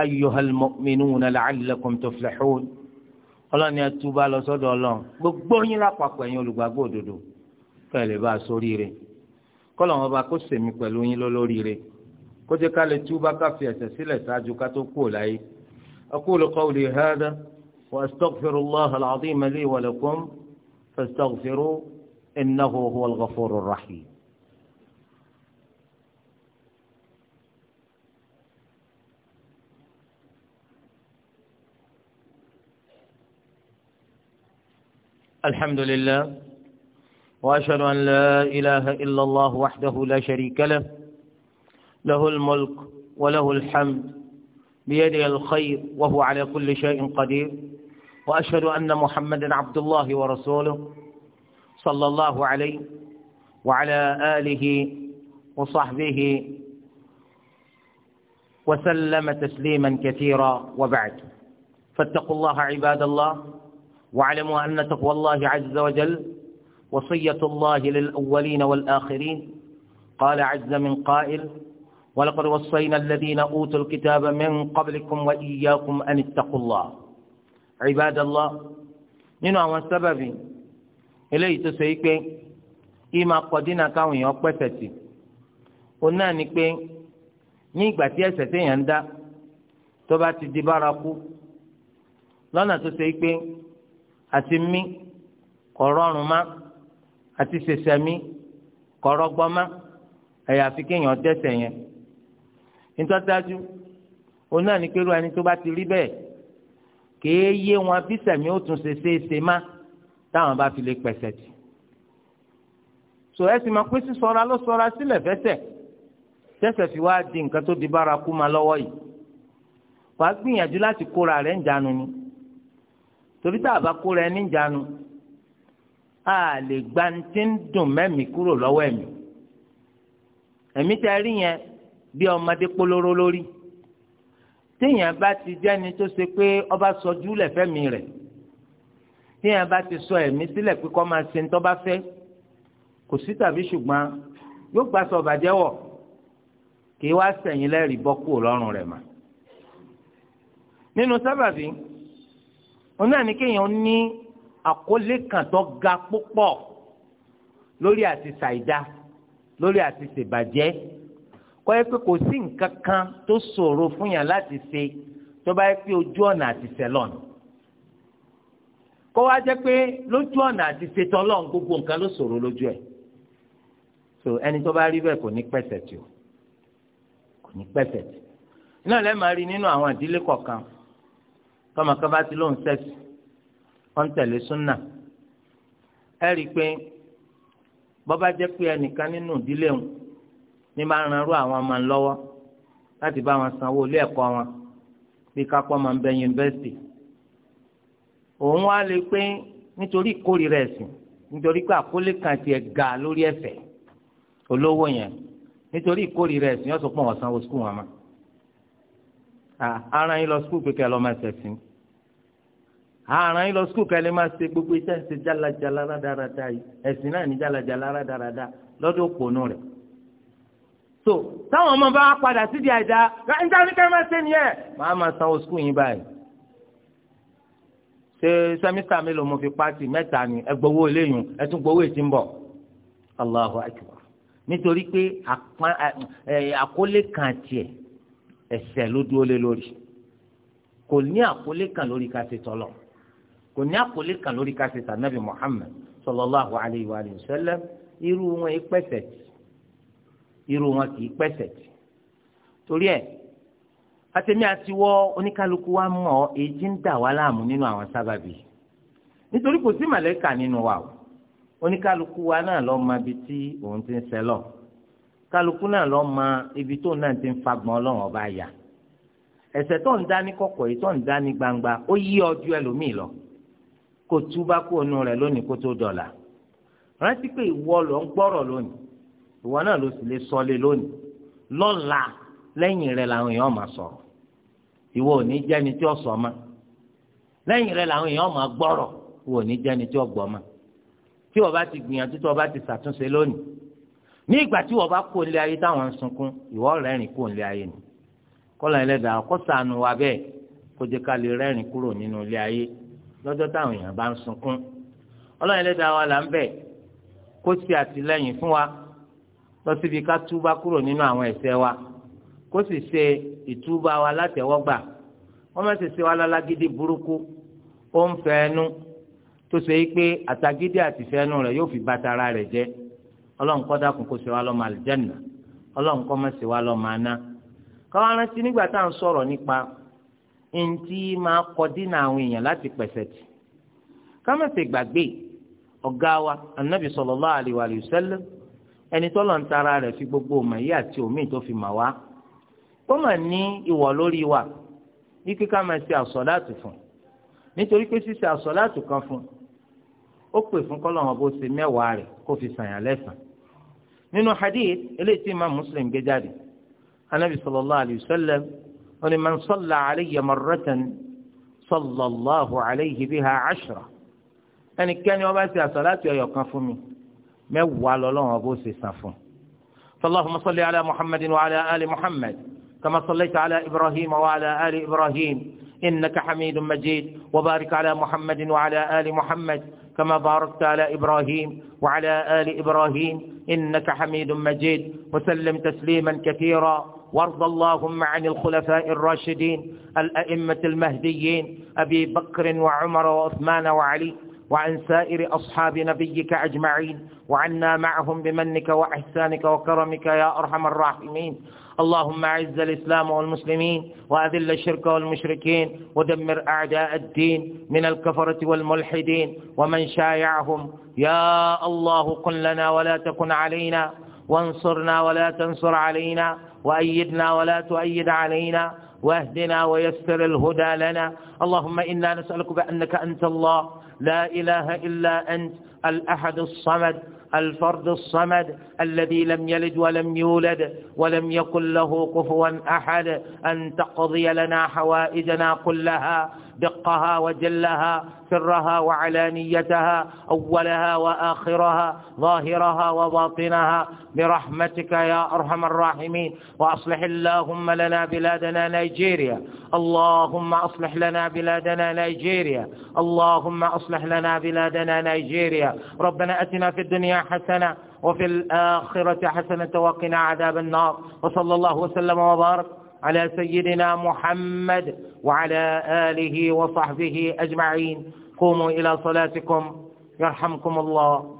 ayyuhal mu'minuna la'allakum tuflihun ọlọ́ni ẹtúbá lọ sọ́dọ̀ ọlọ́run gbogbo yín lápapọ̀ ẹ̀yin olùgbàgbọ́ òdodo kẹ́ ẹ lè bá a sóríire kọ́lọ̀ wọn bá kó sèmi pẹ̀lú yín lólóríire. kó jẹ́ ká lè túbá ká fi ẹ̀ṣẹ̀ sílẹ̀ ṣáájú ká tó kú láyé aqulu qawli hada wa astaghfirullaha al-azima li wa lakum fastaghfiru innahu huwal ghafurur rahim. الحمد لله واشهد ان لا اله الا الله وحده لا شريك له له الملك وله الحمد بيده الخير وهو على كل شيء قدير وأشهد أن محمدا عبد الله ورسوله صلى الله عليه وعلى آله وصحبه وسلم تسليما كثيرا وبعد فاتقوا الله عباد الله واعلموا أن تقوى الله عز وجل وصية الله للأولين والآخرين قال عز من قائل ولقد وصينا الذين أوتوا الكتاب من قبلكم وإياكم أن اتقوا الله عباد الله نينو àwọn sábàbí eléyìí tó ṣe yí pé yìí máa kọ dínà káwọn èèyàn pẹ̀sẹ̀ tì ó náà ni pé ní ìgbà tí ẹ̀ṣẹ̀ téèyàn ń dá tó bá ti di bárakú lọ́nà tó ṣe yí pé àti mí kò rọrùn má àti ṣẹ̀ṣẹ̀ mí kò rọgbọ́n má àyàfi kéèyàn dẹ́ṣẹ̀ yẹn nítorí dájú òun náà ní pẹ̀lú ẹni tó bá ti rí bẹ́ẹ̀ kèé yé wọn bí sẹ̀mí ó tún ṣe ṣe é ṣe má táwọn bá fi lè pẹ̀sẹ̀ tì. sọ ẹ sì máa pé sísọra ló sọra sílẹ̀ fẹ́sẹ̀ tẹ́sẹ̀ fi wá di nǹkan tó di bárakú ma lọ́wọ́ yìí wàá gbìyànjú láti kóra rẹ̀ ń jánu ni torí tá a bá kóra ẹni ń jánu a lè gba ní ti ń dùn mẹ́mí kúrò lọ́wọ́ ẹ̀mí ẹ̀mí tẹ́ rí yẹn bí ọmọdé polóró lórí téèyàn bá ti jẹ́ni tó ṣe pé ọba sọjú lẹ́fẹ̀mí rẹ̀ téèyàn bá ti sọ ẹ̀mí sílẹ̀ pé kọ́ máa ṣe ń tọ́ bá fẹ́ kò sí tàbí ṣùgbọ́n yóò gba sọ̀bàjẹ́ wọ̀ kí wá sẹ̀yìn lẹ́rìí bọ́ kúrò lọ́rùn rẹ̀ mà. nínú sábàbí òun kéèyàn ní àkólé kan tó ga púpọ̀ lórí àti ṣàìdá lórí àti ṣèbàjẹ́ kọ́ ẹ pé kò sí nǹkan kan tó ṣòro fún yàn láti ṣe tó bá yẹ pé ojú ọ̀nà àti sẹ́lọ̀n kọ́ wá jẹ́ pé lójú ọ̀nà àti ṣetọ́lọ́n gbogbo nǹkan ló ṣòro lójú ẹ̀ so ẹni tó bá rí bẹ́ẹ̀ kò ní pẹ̀sẹ̀ tì o kò ní pẹ̀sẹ̀ tì náà lẹ́ẹ̀ máa rí nínú àwọn ìdílé kọ̀ọ̀kan tọmọ kan bá ti lóun sẹ́ẹ̀sì wọ́n ń tẹ̀lé súnà ẹ rí i pé bọ́ jẹ́ pé ẹnìkan nínú ìdílé òun ní bá ran irú àwọn ọmọ lọ́wọ́ láti bá wọn sanwó ilé ẹ̀kọ́ wọn bí kápọ́ máa ń bẹ yunifásitì òun wá lè pé nítorí ìkórìíra ẹ̀sìn nítorí pé àkólé kan ga lórí ẹ̀fẹ̀ olówó yẹn nítorí ìkórìíra ẹ̀sìn yóò sọ pé wọ́n sanwó skul wọn mọ́ ara yín lọ skul kékeré lọ́ọ́ máa ṣẹ̀sìn ara yín lọ skul kẹ́lẹ́ máa ṣe gbogbo iṣẹ́ ṣe jálajàla rádaràda yìí ẹ̀sìn náà ní lọ́dọ̀ so táwọn ọmọ bá padà sídìí àìdá níta ní kẹrìmẹ ṣe nìyẹn màá máa sanwó skul yín báyìí ṣe sẹmísítà mélòó mo fi pàtì mẹ́ta ni ẹ gbowó eléyìí ẹ tún gbowó ètí ń bọ̀ Allahu akbar nítorí pé àkọlé kan tiẹ̀ ẹsẹ̀ ló dúró lé lórí kò ní àkọlé kan lórí ká ṣe tọ́lọ̀ kò ní àkọlé kan lórí ká ṣe tànàbì Muhammad sallallahu alayhi wa sallam irú wọn ìpẹ́sẹ̀ tì irú wọn kì í pẹ̀sẹ̀ tì torí ẹ̀ àtẹ̀mí àtiwọ́ oníkálukú wa mọ̀ èyí tí ń dà wá láàmú nínú àwọn sábàbí nítorí kò sí màlẹ́kà nínú wa o oníkálukú wa náà lọ mọ ibi tí òun ti ń sẹlọ kálukú náà lọ mọ ibi tó náà ti ń fagbọn ọlọ́run ọba yà ẹ̀ṣẹ̀ tó ń dá ní kọ̀kọ̀ yìí tó ń dá ní gbangba ó yí ọjọ́ ẹlòmíì lọ kó túbá kó nu lónìí kó tó dọ̀là rántí pé ìwọ lọ ń gbọ́rọ̀ lónìí ìwọ náà ló sì lè sọlé lónìí lọ́la lẹ́yìn rẹ̀ làwọn èèyàn máa sọ̀rọ̀ ìwọ ò ní jẹ́ni tí ó sọ ma lẹ́yìn rẹ̀ làwọn èèyàn máa gbọ́rọ̀ ìwọ ò ní jẹ́ni tí ó gbọ́ ma tí wọ́n bá ti gbìyànjú tí wọ́n bá ti ṣàtúnṣe lónìí ní ìgbà tí wọ́n bá kó ilé ayé táwọn ń sunkún ìwọ rẹ́rìn kó ilé ayé ni kọ́lá ẹlẹ́dàá kó ṣàánú wa bẹ́ẹ̀ kó jẹ́ ká lè rẹ́rìn kúrò nínú ilé ayé lọ́jọ́ táwọn èèyàn bá ń sunkún ọlọ́run ẹlẹ́dàá wa là ń bẹ̀ kó ṣe àtìlẹ́yìn fún wa lọ síbi ká túbá kúrò nínú àwọn ẹ̀ṣẹ̀ wa kó sì ṣe ìtúbà wa látẹ̀wọ́gbà wọ́n má ṣe ṣe wa lálágídí burúkú ó ń fẹ́ẹ́nu tó ṣe é pé àtàgídí àtìfẹ́nu rẹ̀ yóò fi bàtàrà rẹ̀ jẹ́ ọlọ́run kọ́ dákun kó ṣe wa lọ́mọ àlìjẹ́nà ọlọ́run kọ́ má ṣe wa lọ́mọ aná káwọn arántí nígbà tá à ń sọ̀rọ̀ nípa ntí máa kọ dínà àwọn èèyàn láti pẹ̀sẹ̀ tì ká má ṣe gbàgbé ọ̀gá wa anabi sallallahu alaihi wa sallam ẹni tọ́lọ̀ ń tara rẹ̀ fi gbogbo ọmọ yìí àti omi tó fi mà wá kó mà ní ìwọ̀ lórí wa ní kíkà máa ṣe àsọ̀láàtù fún nítorí pé ṣíṣe àsọ̀láàtù kan fún ó pè fún kọ́lọ̀ wọn bó ṣe mẹ́wàá rẹ̀ kó fi sàyàn lẹ́sàn nínú hadith eléyìí tí Imam Muslim gbé jáde anabi sallallahu alayhi wa sallam wọn man salla alayya marratan sallallahu alayhi biha ashra ẹnikẹ́ni wọn bá ṣe àsọ̀láàtù ẹyọ kan fún mi. mẹ́wàá lọ́lọ́run bó ṣe san fún. فاللهم صل على محمد وعلى آل محمد كما صليت على إبراهيم وعلى آل إبراهيم إنك حميد مجيد وبارك على محمد وعلى آل محمد كما باركت على إبراهيم وعلى آل إبراهيم إنك حميد مجيد وسلم تسليما كثيرا وارض اللهم عن الخلفاء الراشدين الأئمة المهديين أبي بكر وعمر وعثمان وعلي وعن سائر أصحاب نبيك أجمعين وعنا معهم بمنك وإحسانك وكرمك يا أرحم الراحمين اللهم أعز الإسلام والمسلمين وأذل الشرك والمشركين ودمر أعداء الدين من الكفرة والملحدين ومن شايعهم يا الله قل لنا ولا تكن علينا وانصرنا ولا تنصر علينا وأيدنا ولا تؤيد علينا واهدنا ويسر الهدى لنا اللهم إنا نسألك بأنك أنت الله لا إله إلا أنت الأحد الصمد الفرد الصمد الذي لم يلد ولم يولد ولم يكن له كفوا أحد أن تقضي لنا حوائجنا كلها دقها وجلها سرها وعلانيتها أولها وآخرها ظاهرها وباطنها برحمتك يا أرحم الراحمين وأصلح اللهم لنا بلادنا نيجيريا اللهم أصلح لنا بلادنا نيجيريا اللهم أصلح لنا بلادنا نيجيريا ربنا أتنا في الدنيا حسنة وفي الآخرة حسنة وقنا عذاب النار وصلى الله وسلم وبارك على سيدنا محمد وعلى آله وصحبه أجمعين قوموا إلى صلاتكم يرحمكم الله